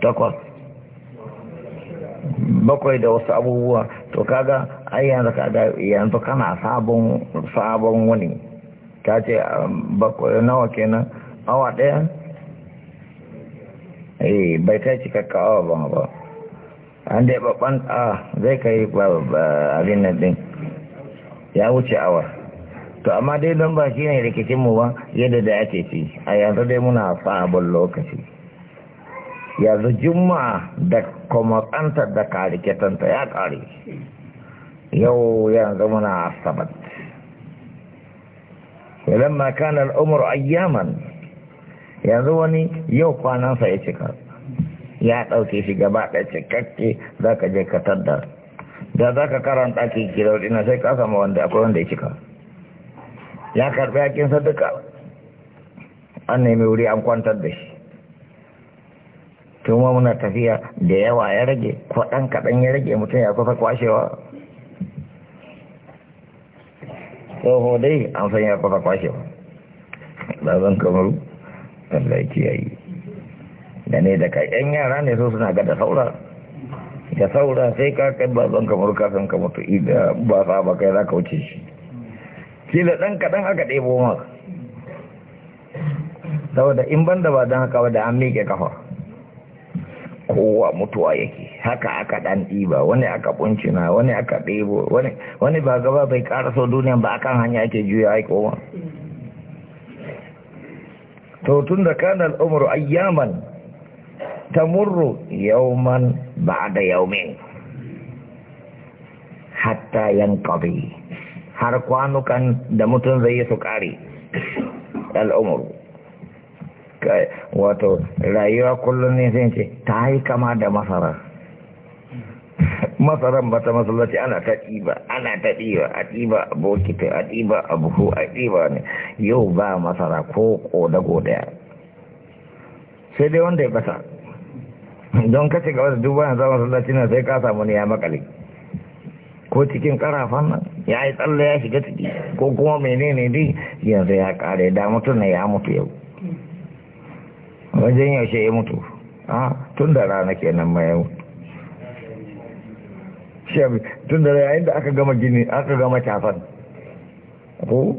takwas bakwai da wasu abubuwa to kaga ai yanzu kaga yanzu kana sabon sabon wani ta ce um, bakwai nawa kenan awa ɗaya eh bai ta cika kakawa ba ba an dai babban a ah, zai kai abin nan din ya wuce awa to amma dai don ba shi ne rikicinmu ba yadda da ake ci a yanzu dai muna sabon lokaci yanzu juma'a da komokanta da kariketanta ya kare yau yanzu muna sabat idan ma kanar umar ayyaman yanzu wani yau kwanansa ya cika ya ɗauke shi gaba da cikakke za ka je ka taddar da za ka karanta ke kira wadina sai ka sama wanda akwai wanda ya cika ya karɓi hakinsa duka an nemi wuri an kwantar da shi tuma muna tafiya da yawa ya rage kwaɗan kaɗan ya rage mutum ya kusa kwashewa tsoho dai an san ya kusa kwashewa ba zan kamaru Allah kiyaye da ne da kaɗan yara ne so suna ga da saura da saura sai ka kai ba zan kamar kafin ka mutu ida ba sa ba kai za ka wuce shi kila ɗan kaɗan aka ɗebo maka saboda in banda ba dan haka da an miƙe kafa kowa mutuwa yake haka aka ɗan ɗiba wani aka ƙuncina wani aka ɗebo wani ba gaba bai ƙaraso duniyan ba akan hanya ake juya aikowa to tun da kanar umaru ayyaman ta murru yauman ba da yaumin hatta yan ƙabi har kwanukan da mutum zai yi su ƙari al'umuru wato rayuwa kullum ne sai ce ta yi kama da masara masaran ba ta masallaci ana ta ɗiba ana ta ɗiba a ɗiba a bokiti a ɗiba a buhu a ɗiba ne yau ba masara ko ƙodago ɗaya sai dai wanda ya ɓasa don kashe ga wasu duba na zama masallaci na sai ka samu ne ya makale ko cikin karafan nan ya yi tsalle ya shiga ciki ko kuma menene ne yanzu ya kare da mutum na ya mutu yau wajen yaushe ya mutu a tun da rana kenan ma yau shabi tun da yayin da aka gama gini aka gama tafan ko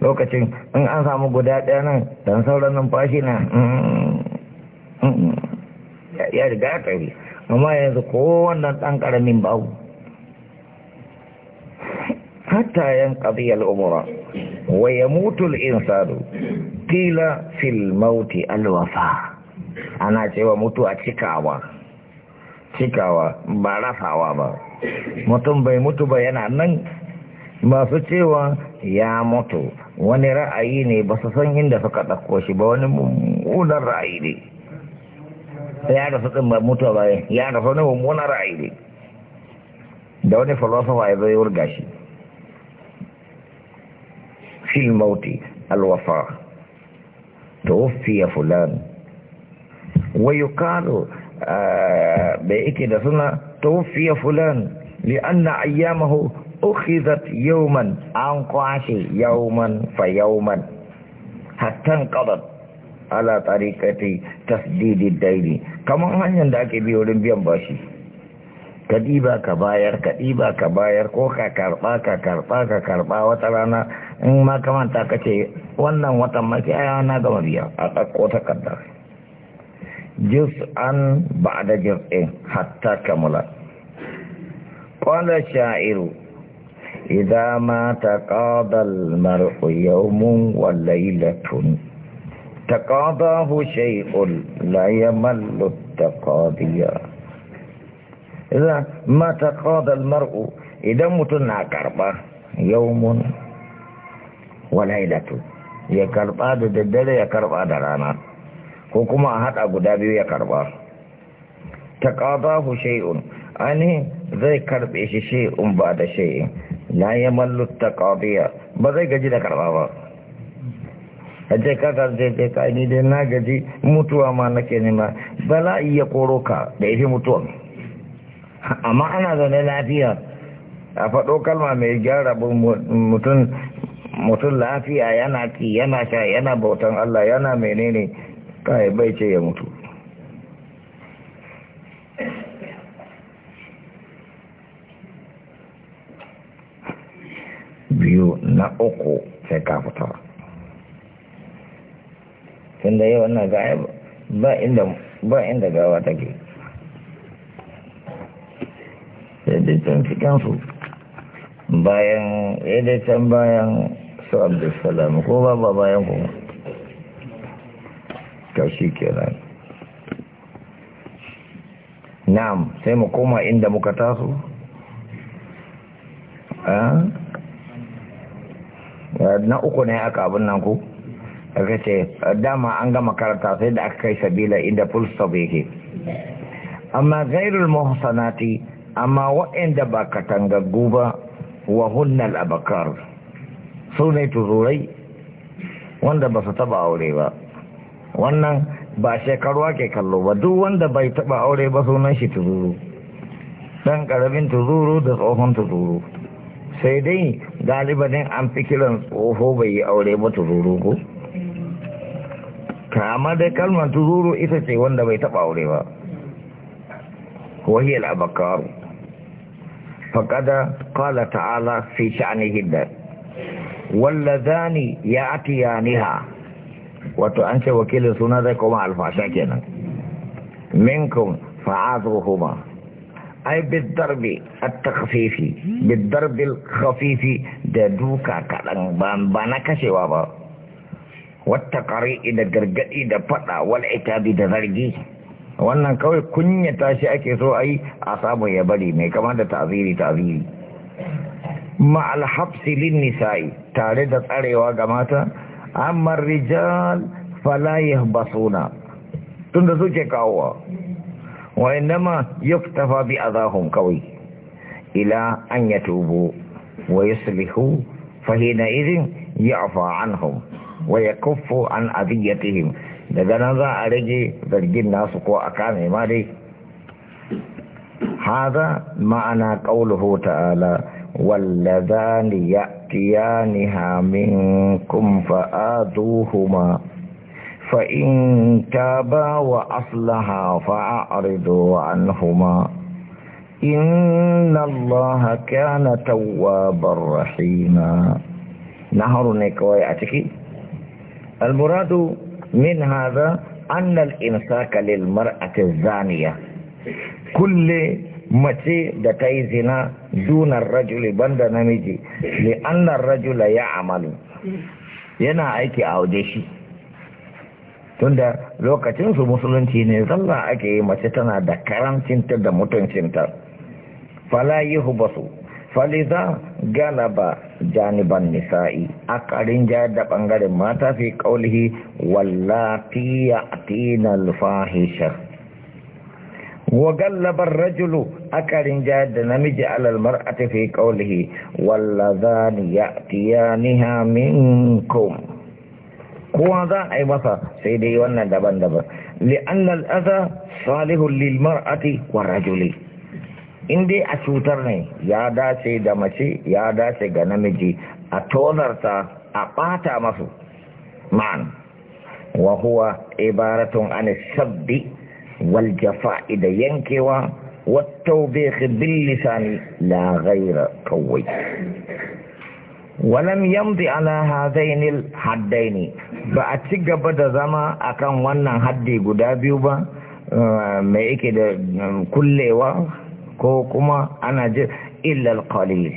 lokacin in an samu guda ɗaya nan dan sauran numfashi na mm, mm, mm, ya riga ya tafi amma yanzu kowannan ɗan ƙaramin babu hatta yan ƙabiyar umura wa ya mutul sadu? tila fil mauti alwafa ana cewa mutu a cikawa cikawa ba rafawa ba mutum bai mutu ba yana nan masu cewa ya mutu wani ra'ayi ne ba su san inda suka ɗauko shi ba wani mummunan ra'ayi ne ya rasu ɗin ba mutuwa ba ya rasu ne mummuna ra'ayi ne da wani falosofa ya zai wurga shi fil mauti alwafa tuwaffiya fulan wa yuqalu bai yake da suna tuwaffiya fulan li anna ayyamahu ukhizat yawman an kwashe yawman fa yawman hatta qadat ala tariqati tasdidi daini kamar hanyar da ake bi wurin biyan bashi ka ɗiba ka bayar ka ɗiba ka bayar ko ka karba ka karba ka karba wata rana in ma kamanta ka ce wannan watan maki aya na gama biya a ɗauko takarda an ba da juz'in hatta kamula qala sha'iru idza ma taqada al-mar'u yawmun wa laylatun تقاضاه شيء لا يمل التقاضي إذا ما تقاضى المرء إذا متنا كربا يوم وليلة يا كربا ددد يا كربا درانا حكومة هات أبو دابي يا كربا تقاضاه شيء أني ذي كرب إيش شيء بعد شيء لا يمل التقاضي بذي قجل كربا yace ce ka karce ka ni dai na gaji mutuwa ma nake nema bala iya koro ka da ifi mutuwa amma ana zaune lafiya a faɗo kalma mai gyara mutum mutum lafiya yana ci yana sha yana bautan Allah yana menene kai bai ce ya mutu biyu na uku sai ka fita tun da yi wannan gaya ba inda ba inda gawa take sai dai can cikinsu bayan ya can bayan su abdulsalam ko ba ba bayan kuma kashi kenan na'am sai mu koma inda muka taso ah? na uku ne aka abin nan ku aka ce dama an gama karanta sai da aka kai sabila inda full stop yake amma gairul muhsanati amma waɗanda ba katangaggu ba wa hunnal abakar su ne tuzurai wanda ba su taba aure ba wannan ba shekaruwa ke kallo ba duk wanda bai taba aure ba sunan shi tuzuru dan karamin tuzuru da tsohon tuzuru sai dai galibanin an fi kiran tsoho bai yi aure ba tuzuru ko amma dai kalmar tururu ita ce wanda bai taba aure ba wahiyar abakar faƙada ƙala ta'ala fi sha'ani hiddar wallazani ya ya niha wato an ce wakilin suna zai koma alfasha kenan minkum huma ai bidarbi at-takhfifi bidarbil khafifi da duka kaɗan ba na kashewa ba wata kare da gargaɗi da faɗa ita bi da zargi wannan kawai kunyata shi ake so a yi a samun ya bari mai kama da taziri taziri ma alhafsi nisa'i tare da tsarewa ga mata amman rijal basuna tun tunda suke kawowa wa ya yuktafa bi zahun kawai ila an tubo wa fahina izin ya afa an hau wa ya kuffu an adiyatihim daga nan za a rage zargin nasu ko a kame ma dai hada ma'ana qauluhu ta'ala walladhani ya'tiyaniha minkum fa'aduhuma fa in taba wa aslaha fa'aridu anhuma inna allaha kana tawwabar rahima naharu ne kawai a ciki Almuradu Minhaza, annal أن الإمساك للمرأة zaniya kulle mace da ta yi zina dunar rajuli banda namiji li annar rajula ya amalu yana aiki a waje shi tunda lokacinsu musulunci ne zalla ake yi mace tana da karancinta da mutuncinta fala yi hubasu faliza galaba janiban nisa'i akarin ja da bangaren mata fi kaulihi wallati ya'tina al-fahisha wa gallaba ar-rajulu akarin ja da namiji alal mar'ati fi qawlihi wallazani ya'tiyaniha minkum kowa za a yi masa sai dai wannan daban-daban li'anna al-adha salihun lil mar'ati war rajuli in dai a cutar ne ya dace da mace ya dace ga namiji a tonarta a ɓata masu man wa huwa ibaratun an shaddi wal jafa'i da yankewa wa tawbihi bil lisani la ghayra kawai ولم يمضي على هذين الحدين باتي gaba da zama a kan wannan haddi guda biyu ba eh, me yake da mm, kullewa ko kuma ana ji illal qalil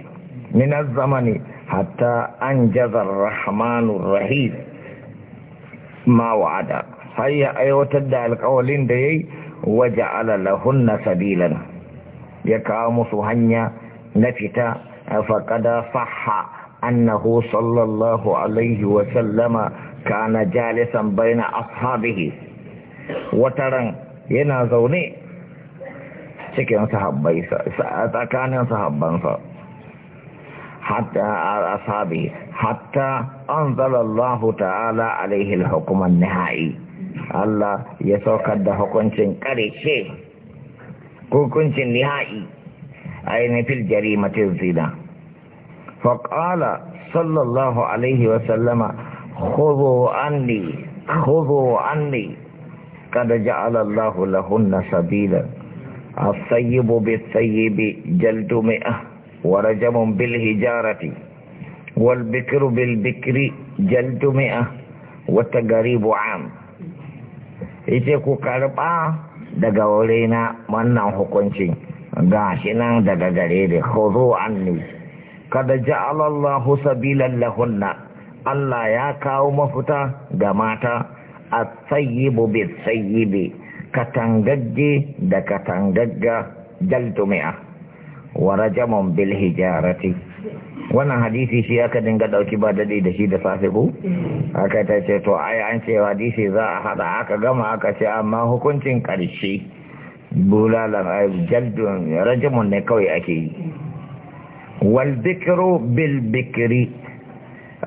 min az-zamani hatta anjaza ar-rahmanur rahim ma wa'ada har ya aiwatar da alƙawalin da yayi waja'ala lahunna sabilan ya kawo musu hanya na fita faqada faha annahu sallallahu alaihi wa sallama kana jalisan baina ashabihi wataran yana zaune cikin sahabbai tsakanin sahabbansa hatta asabi hatta anzalallahu ta'ala alaihi alhukm hukuman Allah ya saukar da hukuncin karshe hukuncin nihai ainihin fil jarimatin zina fa qala sallallahu alaihi wa sallama khudhu anni khudhu anni kada ja'ala Allahu lahunna sabila الطيب بالطيب جلد مئة ورجم بالهجارة والبكر بالبكر جلد مئة والتقريب عام يتيكو كاربا daga wurina wannan hukuncin gashi nan daga gare da khudhu anni kada ja'ala Allahu sabilan lahunna Allah ya kawo mafita ga mata at-tayyibu bis-sayyibi katangagge da katangagga jaltumi'a wa rajamun bil hijarati wannan hadisi shi aka dinga dauki ba dadi da shi da safe ko aka ta ce to ai an ce hadisi za a hada aka gama aka ce amma hukuncin karshe bulalan jaldun rajamun ne kawai ake yi wal bikru bil bikri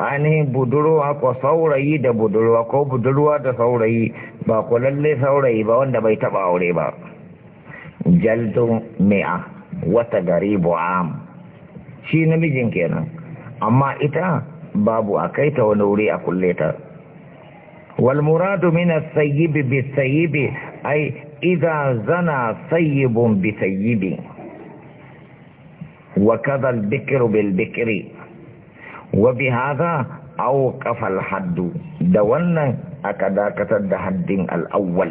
ainihin budurwa ko saurayi da budurwa ko budurwa da saurayi ba ku lalle saurayi ba wanda bai taba aure ba jaldun mi'a wata gari am shi namijin kenan amma ita babu a kai ta wani wuri a kulle ta wal muradu min as-sayyib bi sayyib ay idha zana sayyibun bi sayyib wa kadha al-bikru bil bikri وبهذا أوقف الحد دولنا أكدا كتد حد الأول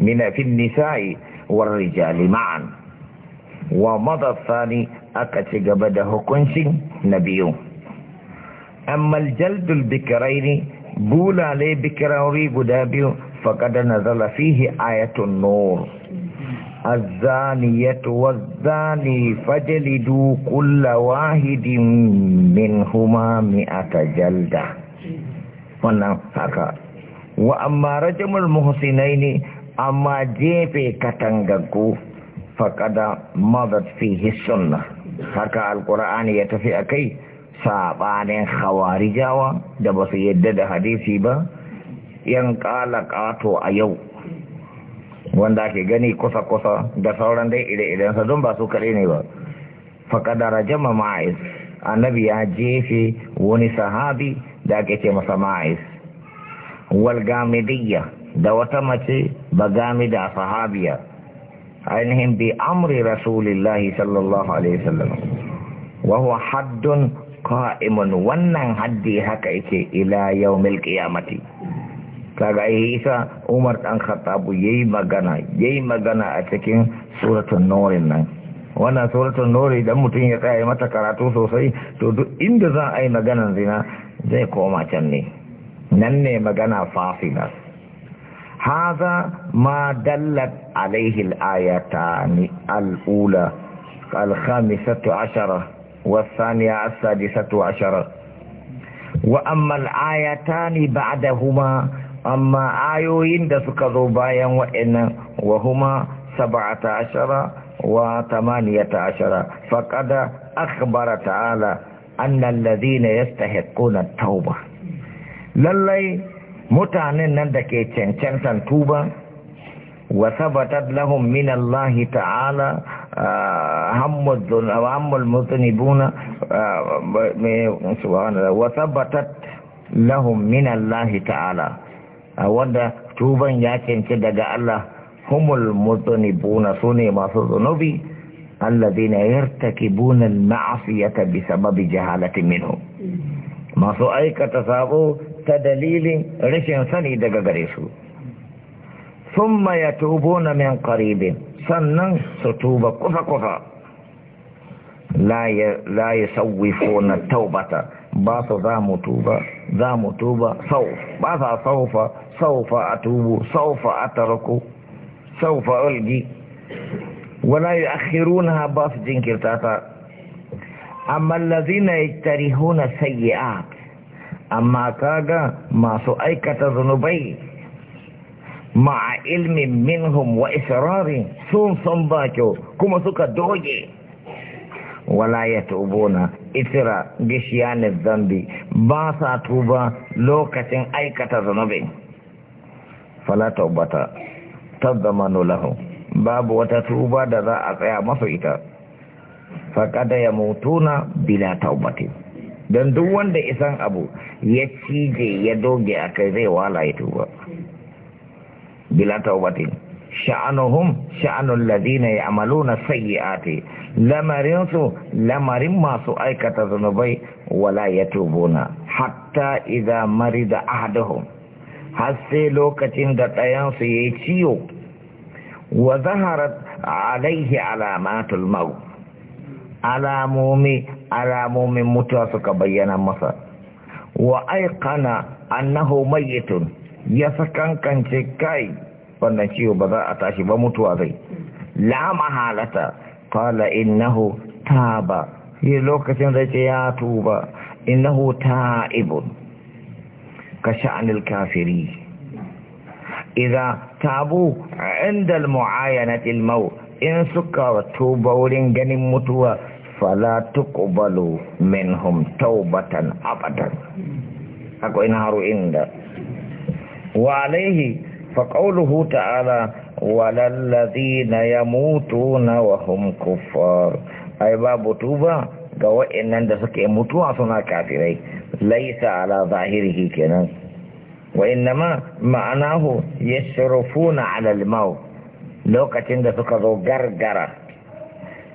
من في النساء والرجال معا ومضى الثاني أكتج بده كنش نبي أما الجلد البكرين بولا لي بكروري قدابي فقد نزل فيه آية النور الزانية والزاني فجلدوا كل واحد منهما مئة جلدة ونفق وأما رجم المحسنين أما جيبي كتنغكو فقد مضت فيه السنة haka alkur'ani ya tafi a kai saɓanin hawarijawa da ba su yadda da hadisi ba yan ƙala ƙato a yau wanda ake gani kusa-kusa da sauran dai ire-irensa don ba su kaɗai ne ba faƙadara jama annabi ya jefe wani sahabi da ake ce masa ma'ais wal gamidiyya da wata mace ba gamida sahabiya ainihin bi amri rasulillahi sallallahu alaihi wasallam wa huwa haddun ka'imun wannan haddi haka yake ila yawmil qiyamati kaga isa umar dan khattabu yayi magana yayi magana a cikin suratul nur nan wannan suratul nur dan mutum ya tsaya mata karatu sosai to duk inda za a yi maganan zina zai koma can ne nan ne magana fasila haza ma dallat alaihi al-ayatani al-ula al-khamisatu ashara والثانية السادسة عشرة وأما الآيتان بعدهما amma ayoyin da suka zo bayan wa'annan wa huma sab'ata ashara wa tamaniyata ashara faqad akhbara ta'ala anna alladhina yastahiquna tauba lallai mutanen nan da ke cancantan tuba wa sabatat lahum min Allah ta'ala hammud hammul mutanibuna wa sabatat lahum min Allah ta'ala wanda tuban ya canci daga Allah humul mutunibuna su ne masu zunubi allazina yartakibuna al-ma'siyata bi sababi jahalatin minhu masu aikata sabo ta dalilin rashin sani daga gare su thumma yatubuna min qaribin sannan su tuba kusa-kusa la ya la yasawifuna tawbata ba su za mu tuba za mu tuba sau ba sa saufa saufa a tubu saufa a tarako saufa olgi wala yi akhiru na ba jinkirta ta amma lazina ya tarihu na sayi a amma kaga masu aikata zunubai ma a ilmin minhum wa isirari sun son bakyo kuma suka doge wala ya tubu na isira gishiya na zambi tuba lokacin aikata zunubai fala taubata tazamanu lahu babu wata tuba da za a tsaya masa ita faƙada ya mutuna bila taubati don duk wanda isan abu ya cije ya doge a kai zai wala ya tuba bila taubati sha'anuhum sha'anul ladina ya'maluna sayyi'ati lamarin su lamarin masu aikata zunubai wala yatubuna hatta idza marida ahaduhum har sai lokacin da ɗayansu ya yi ciwo wa zaharar alaihi alamatul mau alamomi alamomin mutuwa suka bayyana masa wa aikana annahu mayyitun ya sakankance kai wannan ciwo ba za a tashi ba mutuwa zai la mahalata qala innahu taba yi lokacin zai ce ya tuba innahu ta'ibun kasha'anil kafiri idza tabu inda almu'ayanati almaw in suka tuba wurin ganin mutuwa fala tuqbalu minhum taubatan abadan ako ina haru inda wa alayhi fa qawluhu ta'ala walalladhina yamutuna wa hum kuffar ay babu tuba ga wa'annan da suke mutuwa suna kafirai laisa ala zahirihi kenan wa innama ma'anahu yashrufuna ala al lokacin da suka zo gargara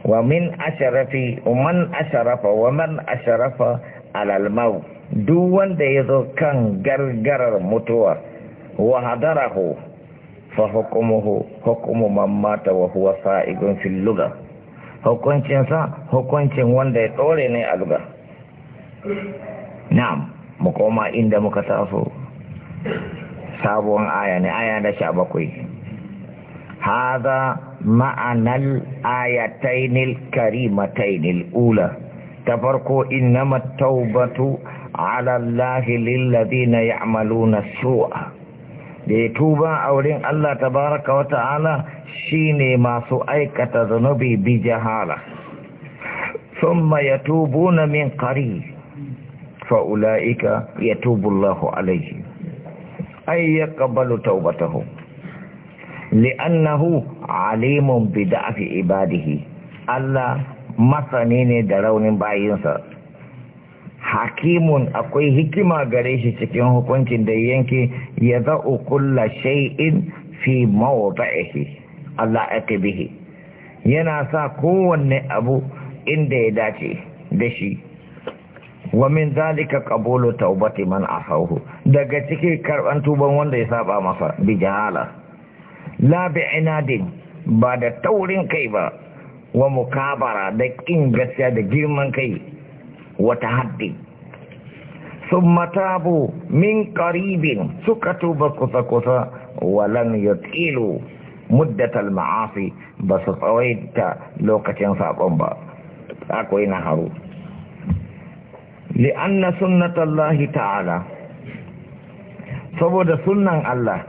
wa min asharafi man asharafa wa man asharafa ala al duk wanda ya zo kan gargarar mutuwa wa hadarahu fa hukumuhu hukumu man mata wa huwa sa'igun fil lugha hukuncinsa hukuncin wanda ya ɗore ne a gaba na'am mu koma inda muka taso sabon aya ne aya da sha bakwai haza ma'anar ayatainil karimatainil ula ta farko innama taubatu ala Allahi lillazina na su'a da tuba a wurin Allah tabaraka wa ta'ala shine masu aikata zunubi bi jahala ya tubuna min qarib Fa'ulaika ya yatubu Allahu alaihim ya hu, tawbatahum li'annahu alimun bi afi ibadihi Allah masani ne da raunin bayinsa hakimun akwai hikima gare shi cikin hukuncin da yanki ya za'u kulla shai’in fi mawda'ihi Allah ake bihi yana sa kowanne abu inda ya dace da shi wa min zalika qabulu taubati man asahu daga cikin karban tuban wanda ya saba masa bi jahala la bi inadin ba da taurin kai ba wa mukabara da kin gaskiya da girman kai wa tahaddi thumma tabu min qaribin suka tuba kusa kusa walan lam yutilu muddatal ma'afi ba su tsawaita lokacin saƙon ba akwai na haru li'anna sunnatallahi ta'ala saboda sunnan Allah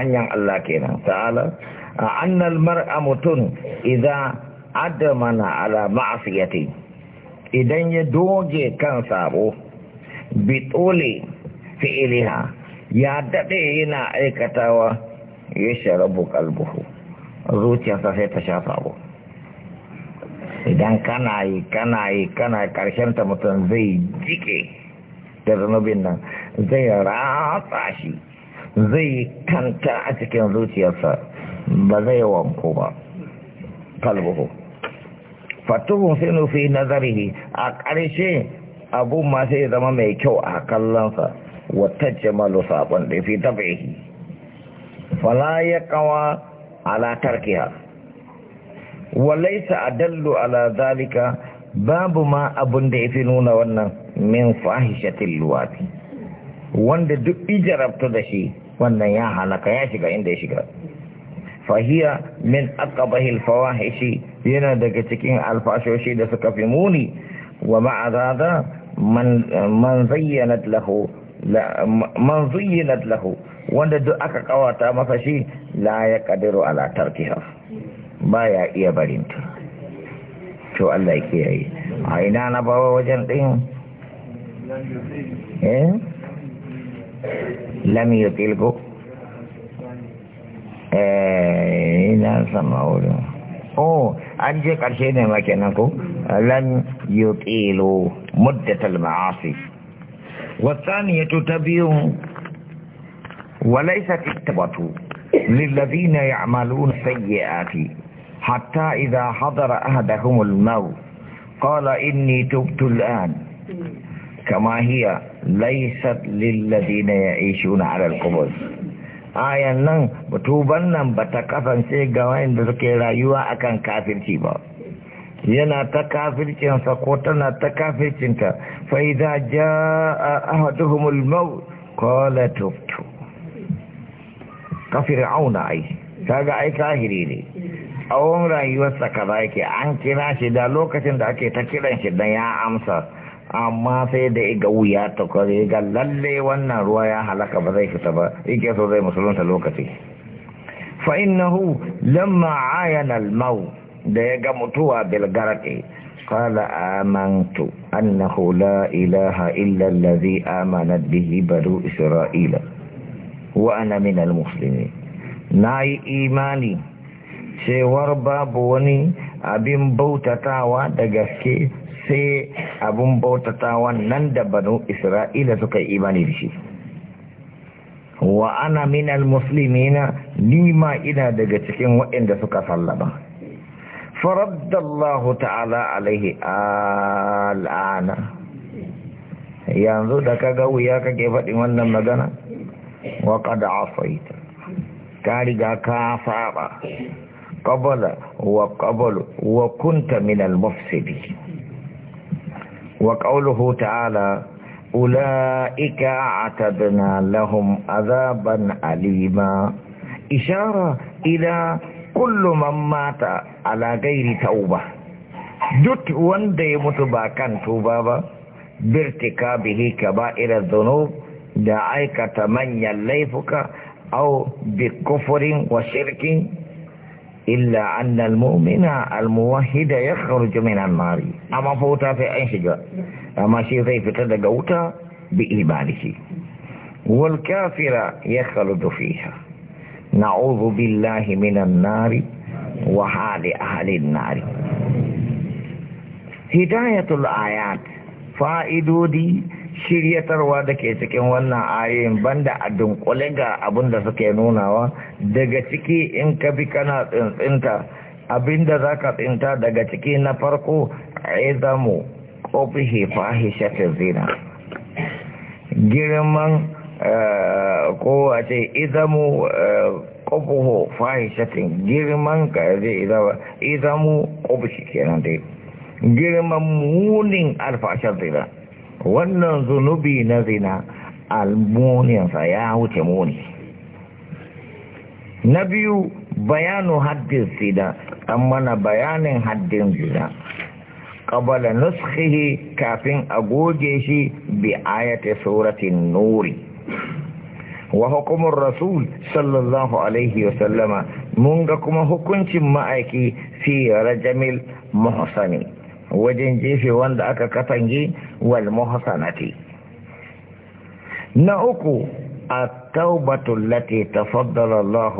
hanyar Allah kenan ta'ala a annal mar'a mutum idza adamana ala ma'siyati idan ya doge kan sabo bi fi fi'iliha ya daɗe yana aikatawa ya yashrabu qalbuhu zuciyarsa sai ta shafa abu idan kana yi kana yi kana karshen ta mutum zai jike da zanubin nan zai ratsa shi zai kanta a cikin zuciyarsa ba zai wanko ba kalbuhu fatuhun sai nufi nazarihi a ƙarshe abu ma sai zama mai kyau a kallonsa wata jamalu sabon da fi taɓa fala ya kawa ala tarkiha walaisa adallu ala zalika babu ma abun da ya fi nuna wannan min fahishatin luwati wanda duk ijarabta da shi wannan ya halaka ya shiga inda ya shiga fahiya min aqbahil fawahishi yana daga cikin alfashoshi da suka fi muni wa ma'a man man zayyanat lahu wanda duk aka kawata masa shi la ya kadiru ala tarkiha ba ya iya barinta to Allah ya kiyaye a ina na bawa wajen din eh lam yutilgo eh ina sama wurin oh an je karshe ne ma kenan ko lam yutilu muddatal ma'asi ta تبيهم وليس التوبة للذين يعملون سيئات حتى إذا حضر أهدهم الموت قال إني تبت الآن كما هي ليست للذين يعيشون على القبر آية نن بتوبنا بتكافر سيجا وين بذكر أيوة أكن كافر تيبا ينا تكافر تيبا فقوتنا تكافر تيبا فإذا جاء أهدهم الموت قال تبتو ka fir'auna ai kaga ai kahiri ne tsawon rayuwarsa kaza yake an kira shi da lokacin da ake ta kiran shi dan ya amsa amma sai da iga wuya ta kware ga lalle wannan ruwa ya halaka ba zai fita ba yake so zai musulunta lokaci fa innahu lamma ayana al-maut da ya ga mutuwa bilgarake qala amantu annahu la ilaha illa allazi amanat bihi banu isra'ila wa ana minal muslimin na yi imani cewar babu wani abin bautatawa da gaske sai abin bautatawa nan da banu isra'ila suka yi imani da shi wa ana minal ni nima ina daga cikin waɗanda suka sallaba الله تعالى ta'ala alaihi al'ana yanzu da قوي wuya kake faɗin wannan magana وقد عصيت كارغا كافابا قبل وقبل وكنت من المفسدين وقوله تعالى أولئك أعتدنا لهم عذابا أليما إشارة إلى كل من مات على غير توبة وان دي متباكا توبابا بارتكابه كبائر الذنوب da aikata manyan laifuka au bi kufurin wa shirkin illa anna almu'mina almuwahhida yakhruju min an-nar amma fa wuta sai an shiga amma shi zai fita daga wuta bi ibadihi wal kafira yakhruju fiha na'udhu billahi min an-nar wa hali ahli an-nar hidayatul ayat fa'idudi shiryatarwa da ke cikin wannan ayoyin banda a dunkule ga abin da suke nunawa daga ciki in ka bi kana tsintsinta abinda za ka tsinta daga ciki na farko izamu kofihi fahishatin zina girman eh, ko a ce izamu kofuhu eh, fahishatin girman ka zai izamu kofushi kenan dai girman munin alfashar zina wannan zunubi na zina almuniyarsa ya wuce muni na biyu bayanu haddin zina an mana bayanin haddin zina ƙabala nuskihi kafin a goge shi bi ayata suratin nuri wa hukumar rasul sallallahu alaihi wasallama mun ga kuma hukuncin ma'aiki fi rajamil muhsani wajen jefe wanda aka katange wal muhsanati na uku a taubatu allati tafaddala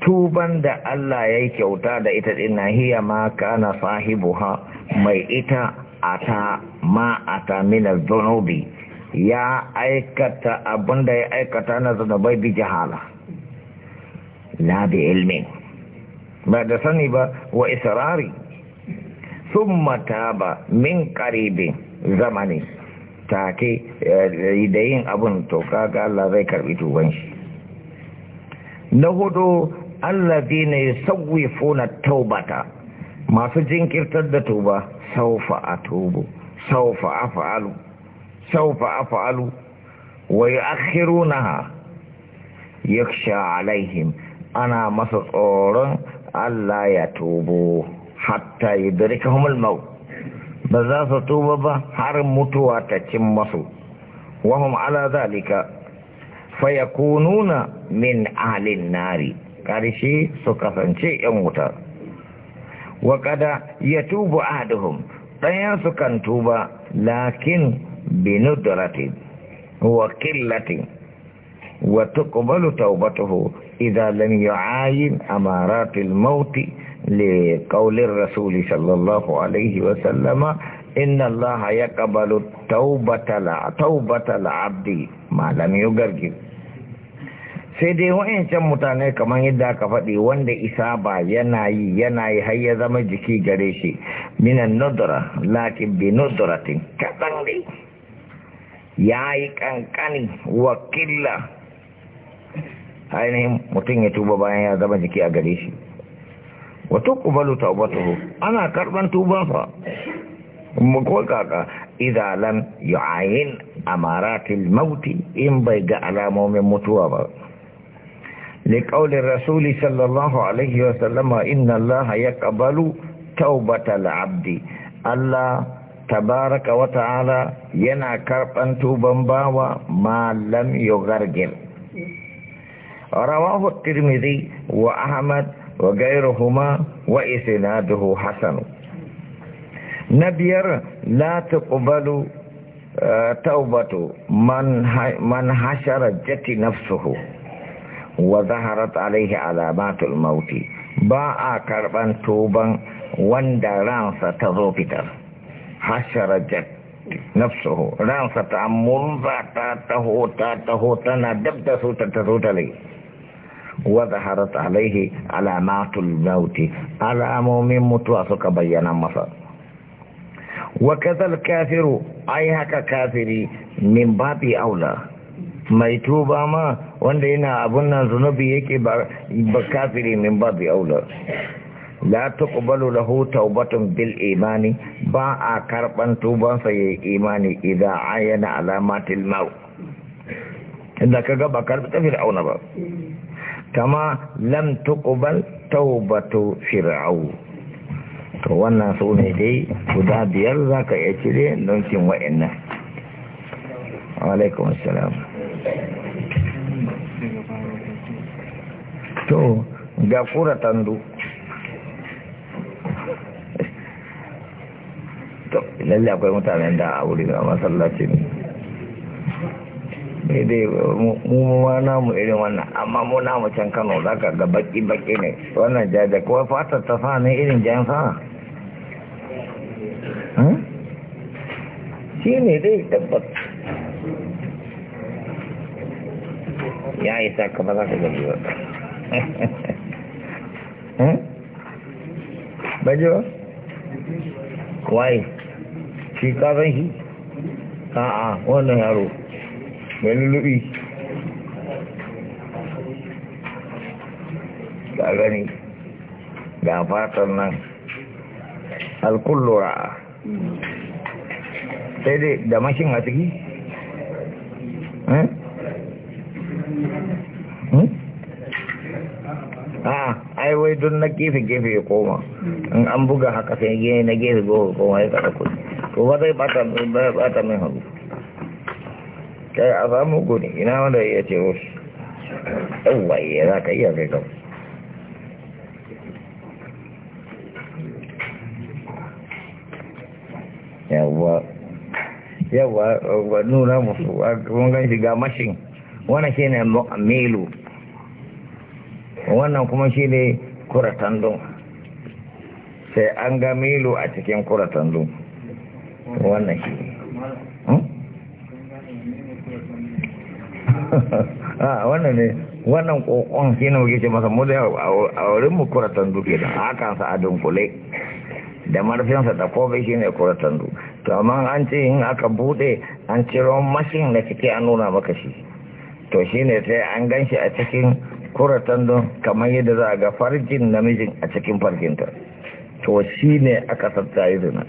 tuban da Allah ya yi kyauta da ita din hiya ma kana sahibuha mai ita ata ma ata min dhunubi ya aikata abinda ya aikata na zunubai bi jahala la bi ilmi ba da sani ba wa israri summa taba min karibin zamani ta ke da yin abun to kaga Allah zai karbi tuban shi na hudu allazina yusawwifuna taubata masu jinkirtar da tuba saufa tubu saufa fa'alu saufa af'alu wa yu'akhirunaha yakhsha alaihim ana masa tsoron Allah ya tubo حتى يدركهم الموت بذات توبة حر متوى تتمس وهم على ذلك فيكونون من أهل النار كارشي سكسا شيء يموت وقد يتوب أهدهم تياسكا توبة لكن بندرة وقلة وتقبل توبته إذا لم يعاين أمارات الموت لقول الرسول صلى الله عليه وسلم إن الله يقبل التوبة لا توبة العبد ما لم sai dai wa'ancan mutane kamar yadda aka faɗi wanda isa ba yana yi yana yi har ya zama jiki gare shi minan nudura lakin bi tun kaɗan ne ya yi ƙanƙani wakilla ainihin mutum ya tuba bayan ya zama jiki a gare shi wa tuqbalu tawbatuhu ana karban tubansa mu ko kaka idan lam yu'ayin amaratil mauti in bai ga alamomin mutuwa ba liqaulir rasuli sallallahu alaihi wa sallama inna allaha yaqbalu taubatal abdi allah tabaraka wa ta'ala yana karban tuban bawa ma lam yugargil rawahu at-tirmidhi wa ahmad wa gairuhuma wa isnaduhu hasan na biyar la taqbalu eh, taubatu man hashara jati nafsuhu wa zaharat alaihi alamatul mauti ba a karban tuban wanda ransa ta zo fitar hashara jati nafsuhu ransa ta murza ta taho ta taho tana dab da su ta taho ta lai وظهرت عليه علامات الموت suka من masa, بينا مصر وكذا الكافر haka هكا كافري من باب أولى mai tuba ma wanda yana abun nan zunubi yake ba kafiri min ya aula la tuqbalu lahu taubatun bil imani ba a karɓan tuban sa yayi imani idan ayyana alamatil maut inda kaga ba karbi ta auna ba kama lam tuqbal taubatu fir'au to wannan su ne dai guda biyar zaka iya cire don cin wa'annan alaikum assalam to ga kura tandu to lalle akwai mutanen da a wurin a masallacin daidai eh, mu ma namu irin wannan amma mu namu can kano za ka ga baki baki ne wannan jaja kuwa fatar ta sa ne irin jan sa hmm? shi ne dai tabbat ya yi sa kama za ka gaji ba baji ba kuwa shi ka zan shi a'a wannan yaro Wani lullubi ga gani ga fatan nan alkullura ra'a sai dai da mashin a ciki hm? hm? a ah, ai wai don na gefe-gefe ya koma in an buga haka sai na gefe-gefe koma ya kada kudi to ba zai bata min hagu kai a samu gudu ina wanda ya ce wasu yawwa iya za ka iya kai kawo yawwa yawwa wa nuna musu kuma gan shiga mashin wannan shi ne melu wannan kuma shi ne don sai an ga melu a cikin don wannan shi a ah, wannan ne wannan kokon shi ne muke ce masa mu a mu kuratan duke da hakan sa a dunkule da marfinsa da kofi shi ne kuratan du to amma an ce in aka bude an ciro mashin da kike an nuna maka shi to shi ne sai an gan shi a cikin kuratan du kamar yadda za a ga farjin namijin a cikin farkinta to shi ne aka sassa yi zina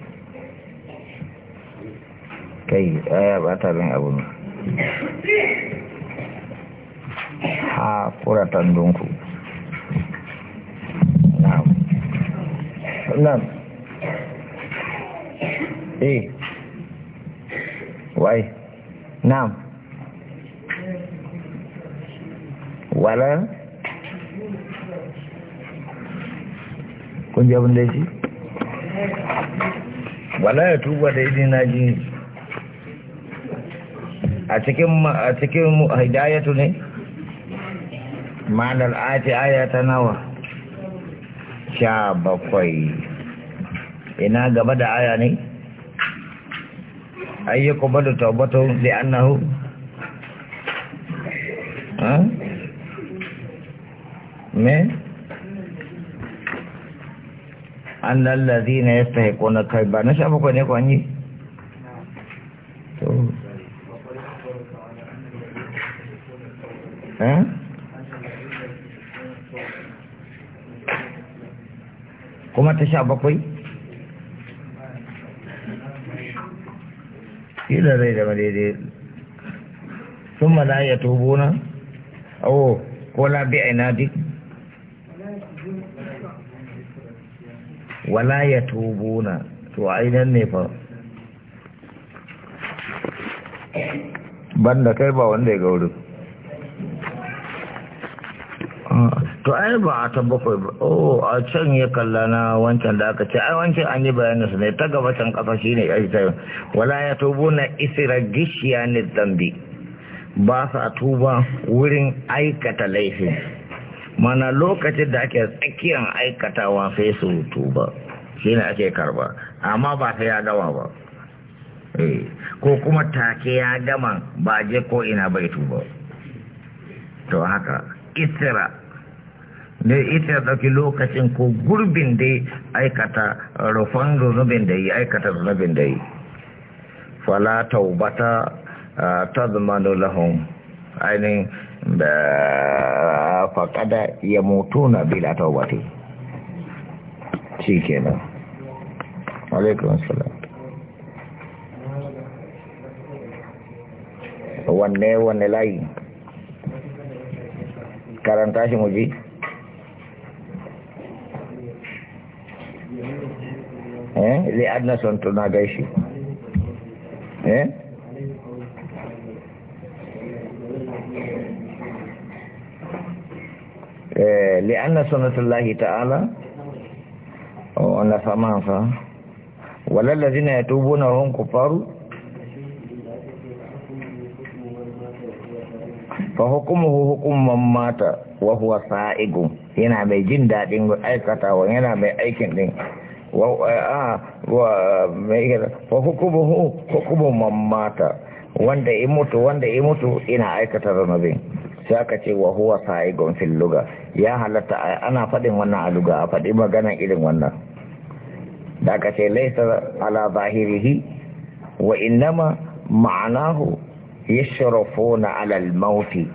kai aya ba ta bin abu ne ha haƙuratan dunku nan eh wai nam wala kun ji abin da shi wala ya tuba da idina ji a cikin a cikin hidayatu ne Manar ati aya ta nawa sha bakwai ina gaba da aya ne ayyuka bada taubato da annahu me an lazi na ya kai ba na sha bakwai ne kwanye ta sha bakwai Ila zai zama daidai sun mana ya tubo awo ko labi a inadi wala ya tubo na to a idan ne fa banda kai ba wanda ya gauru. to ai ba a ta ba oh a can ya kalla na wancan da aka ce ai wancan an yi bayanin su ne ta gaba kafa shi ne ya ta wala ya tubu na isra gishiya ne zambi ba sa tuba wurin aikata laifin mana lokacin da ake tsakiyar aikatawa sai su tuba shi ne ake karba amma ba sai ya gama ba eh, ko kuma take ya gama ba je ko ina bai tuba to haka isra ne ita ya ɗauki lokacin ko gurbin da ya aikata rufan zunubin da ya aikata zunubin da ya fala taubata ta zamanu lahun ainihin da faƙada ya mutu na bila taubata shi nan alaikun salam wanne wanne layi karanta shi mu ji eh li adna son to na gay shi eh eh li anna sunnatullahi ta'ala o oh, ana fama fa wala ladina yatubuna hum kufaru fa hukumuhu hukum man mata wa huwa sa'igun yana mai jin dadin aikata wa yana mai aikin din wa hukumuhu hukumun mamata wanda ya mutu wanda ya mutu ina aikata zanabin sai aka ce wa huwa sa'igon fil luga ya halatta ana faɗin wannan a luga a faɗi magana irin wannan da aka ce laisa ala zahirihi wa innama ma'anahu yashrafuna ala al-mauti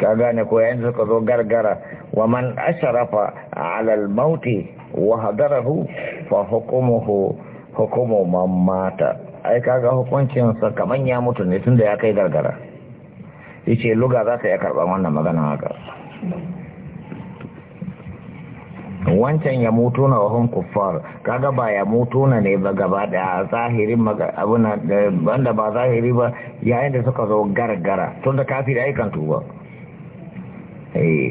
ka gane ko yanzu ka zo gargara wa man ashrafa ala al-mauti wahadarahu fa hukumuhu hukumu man mata ai kaga sa kaman ya mutu ne tunda ya kai gargara yace luga za ta iya karban wannan magana haka wancan ya mutu na wahun kuffar kaga ba ya mutu na ne ba gaba da zahirin abuna banda ba zahiri ba yayin da suka zo gargara tunda kafiri aikan tuba eh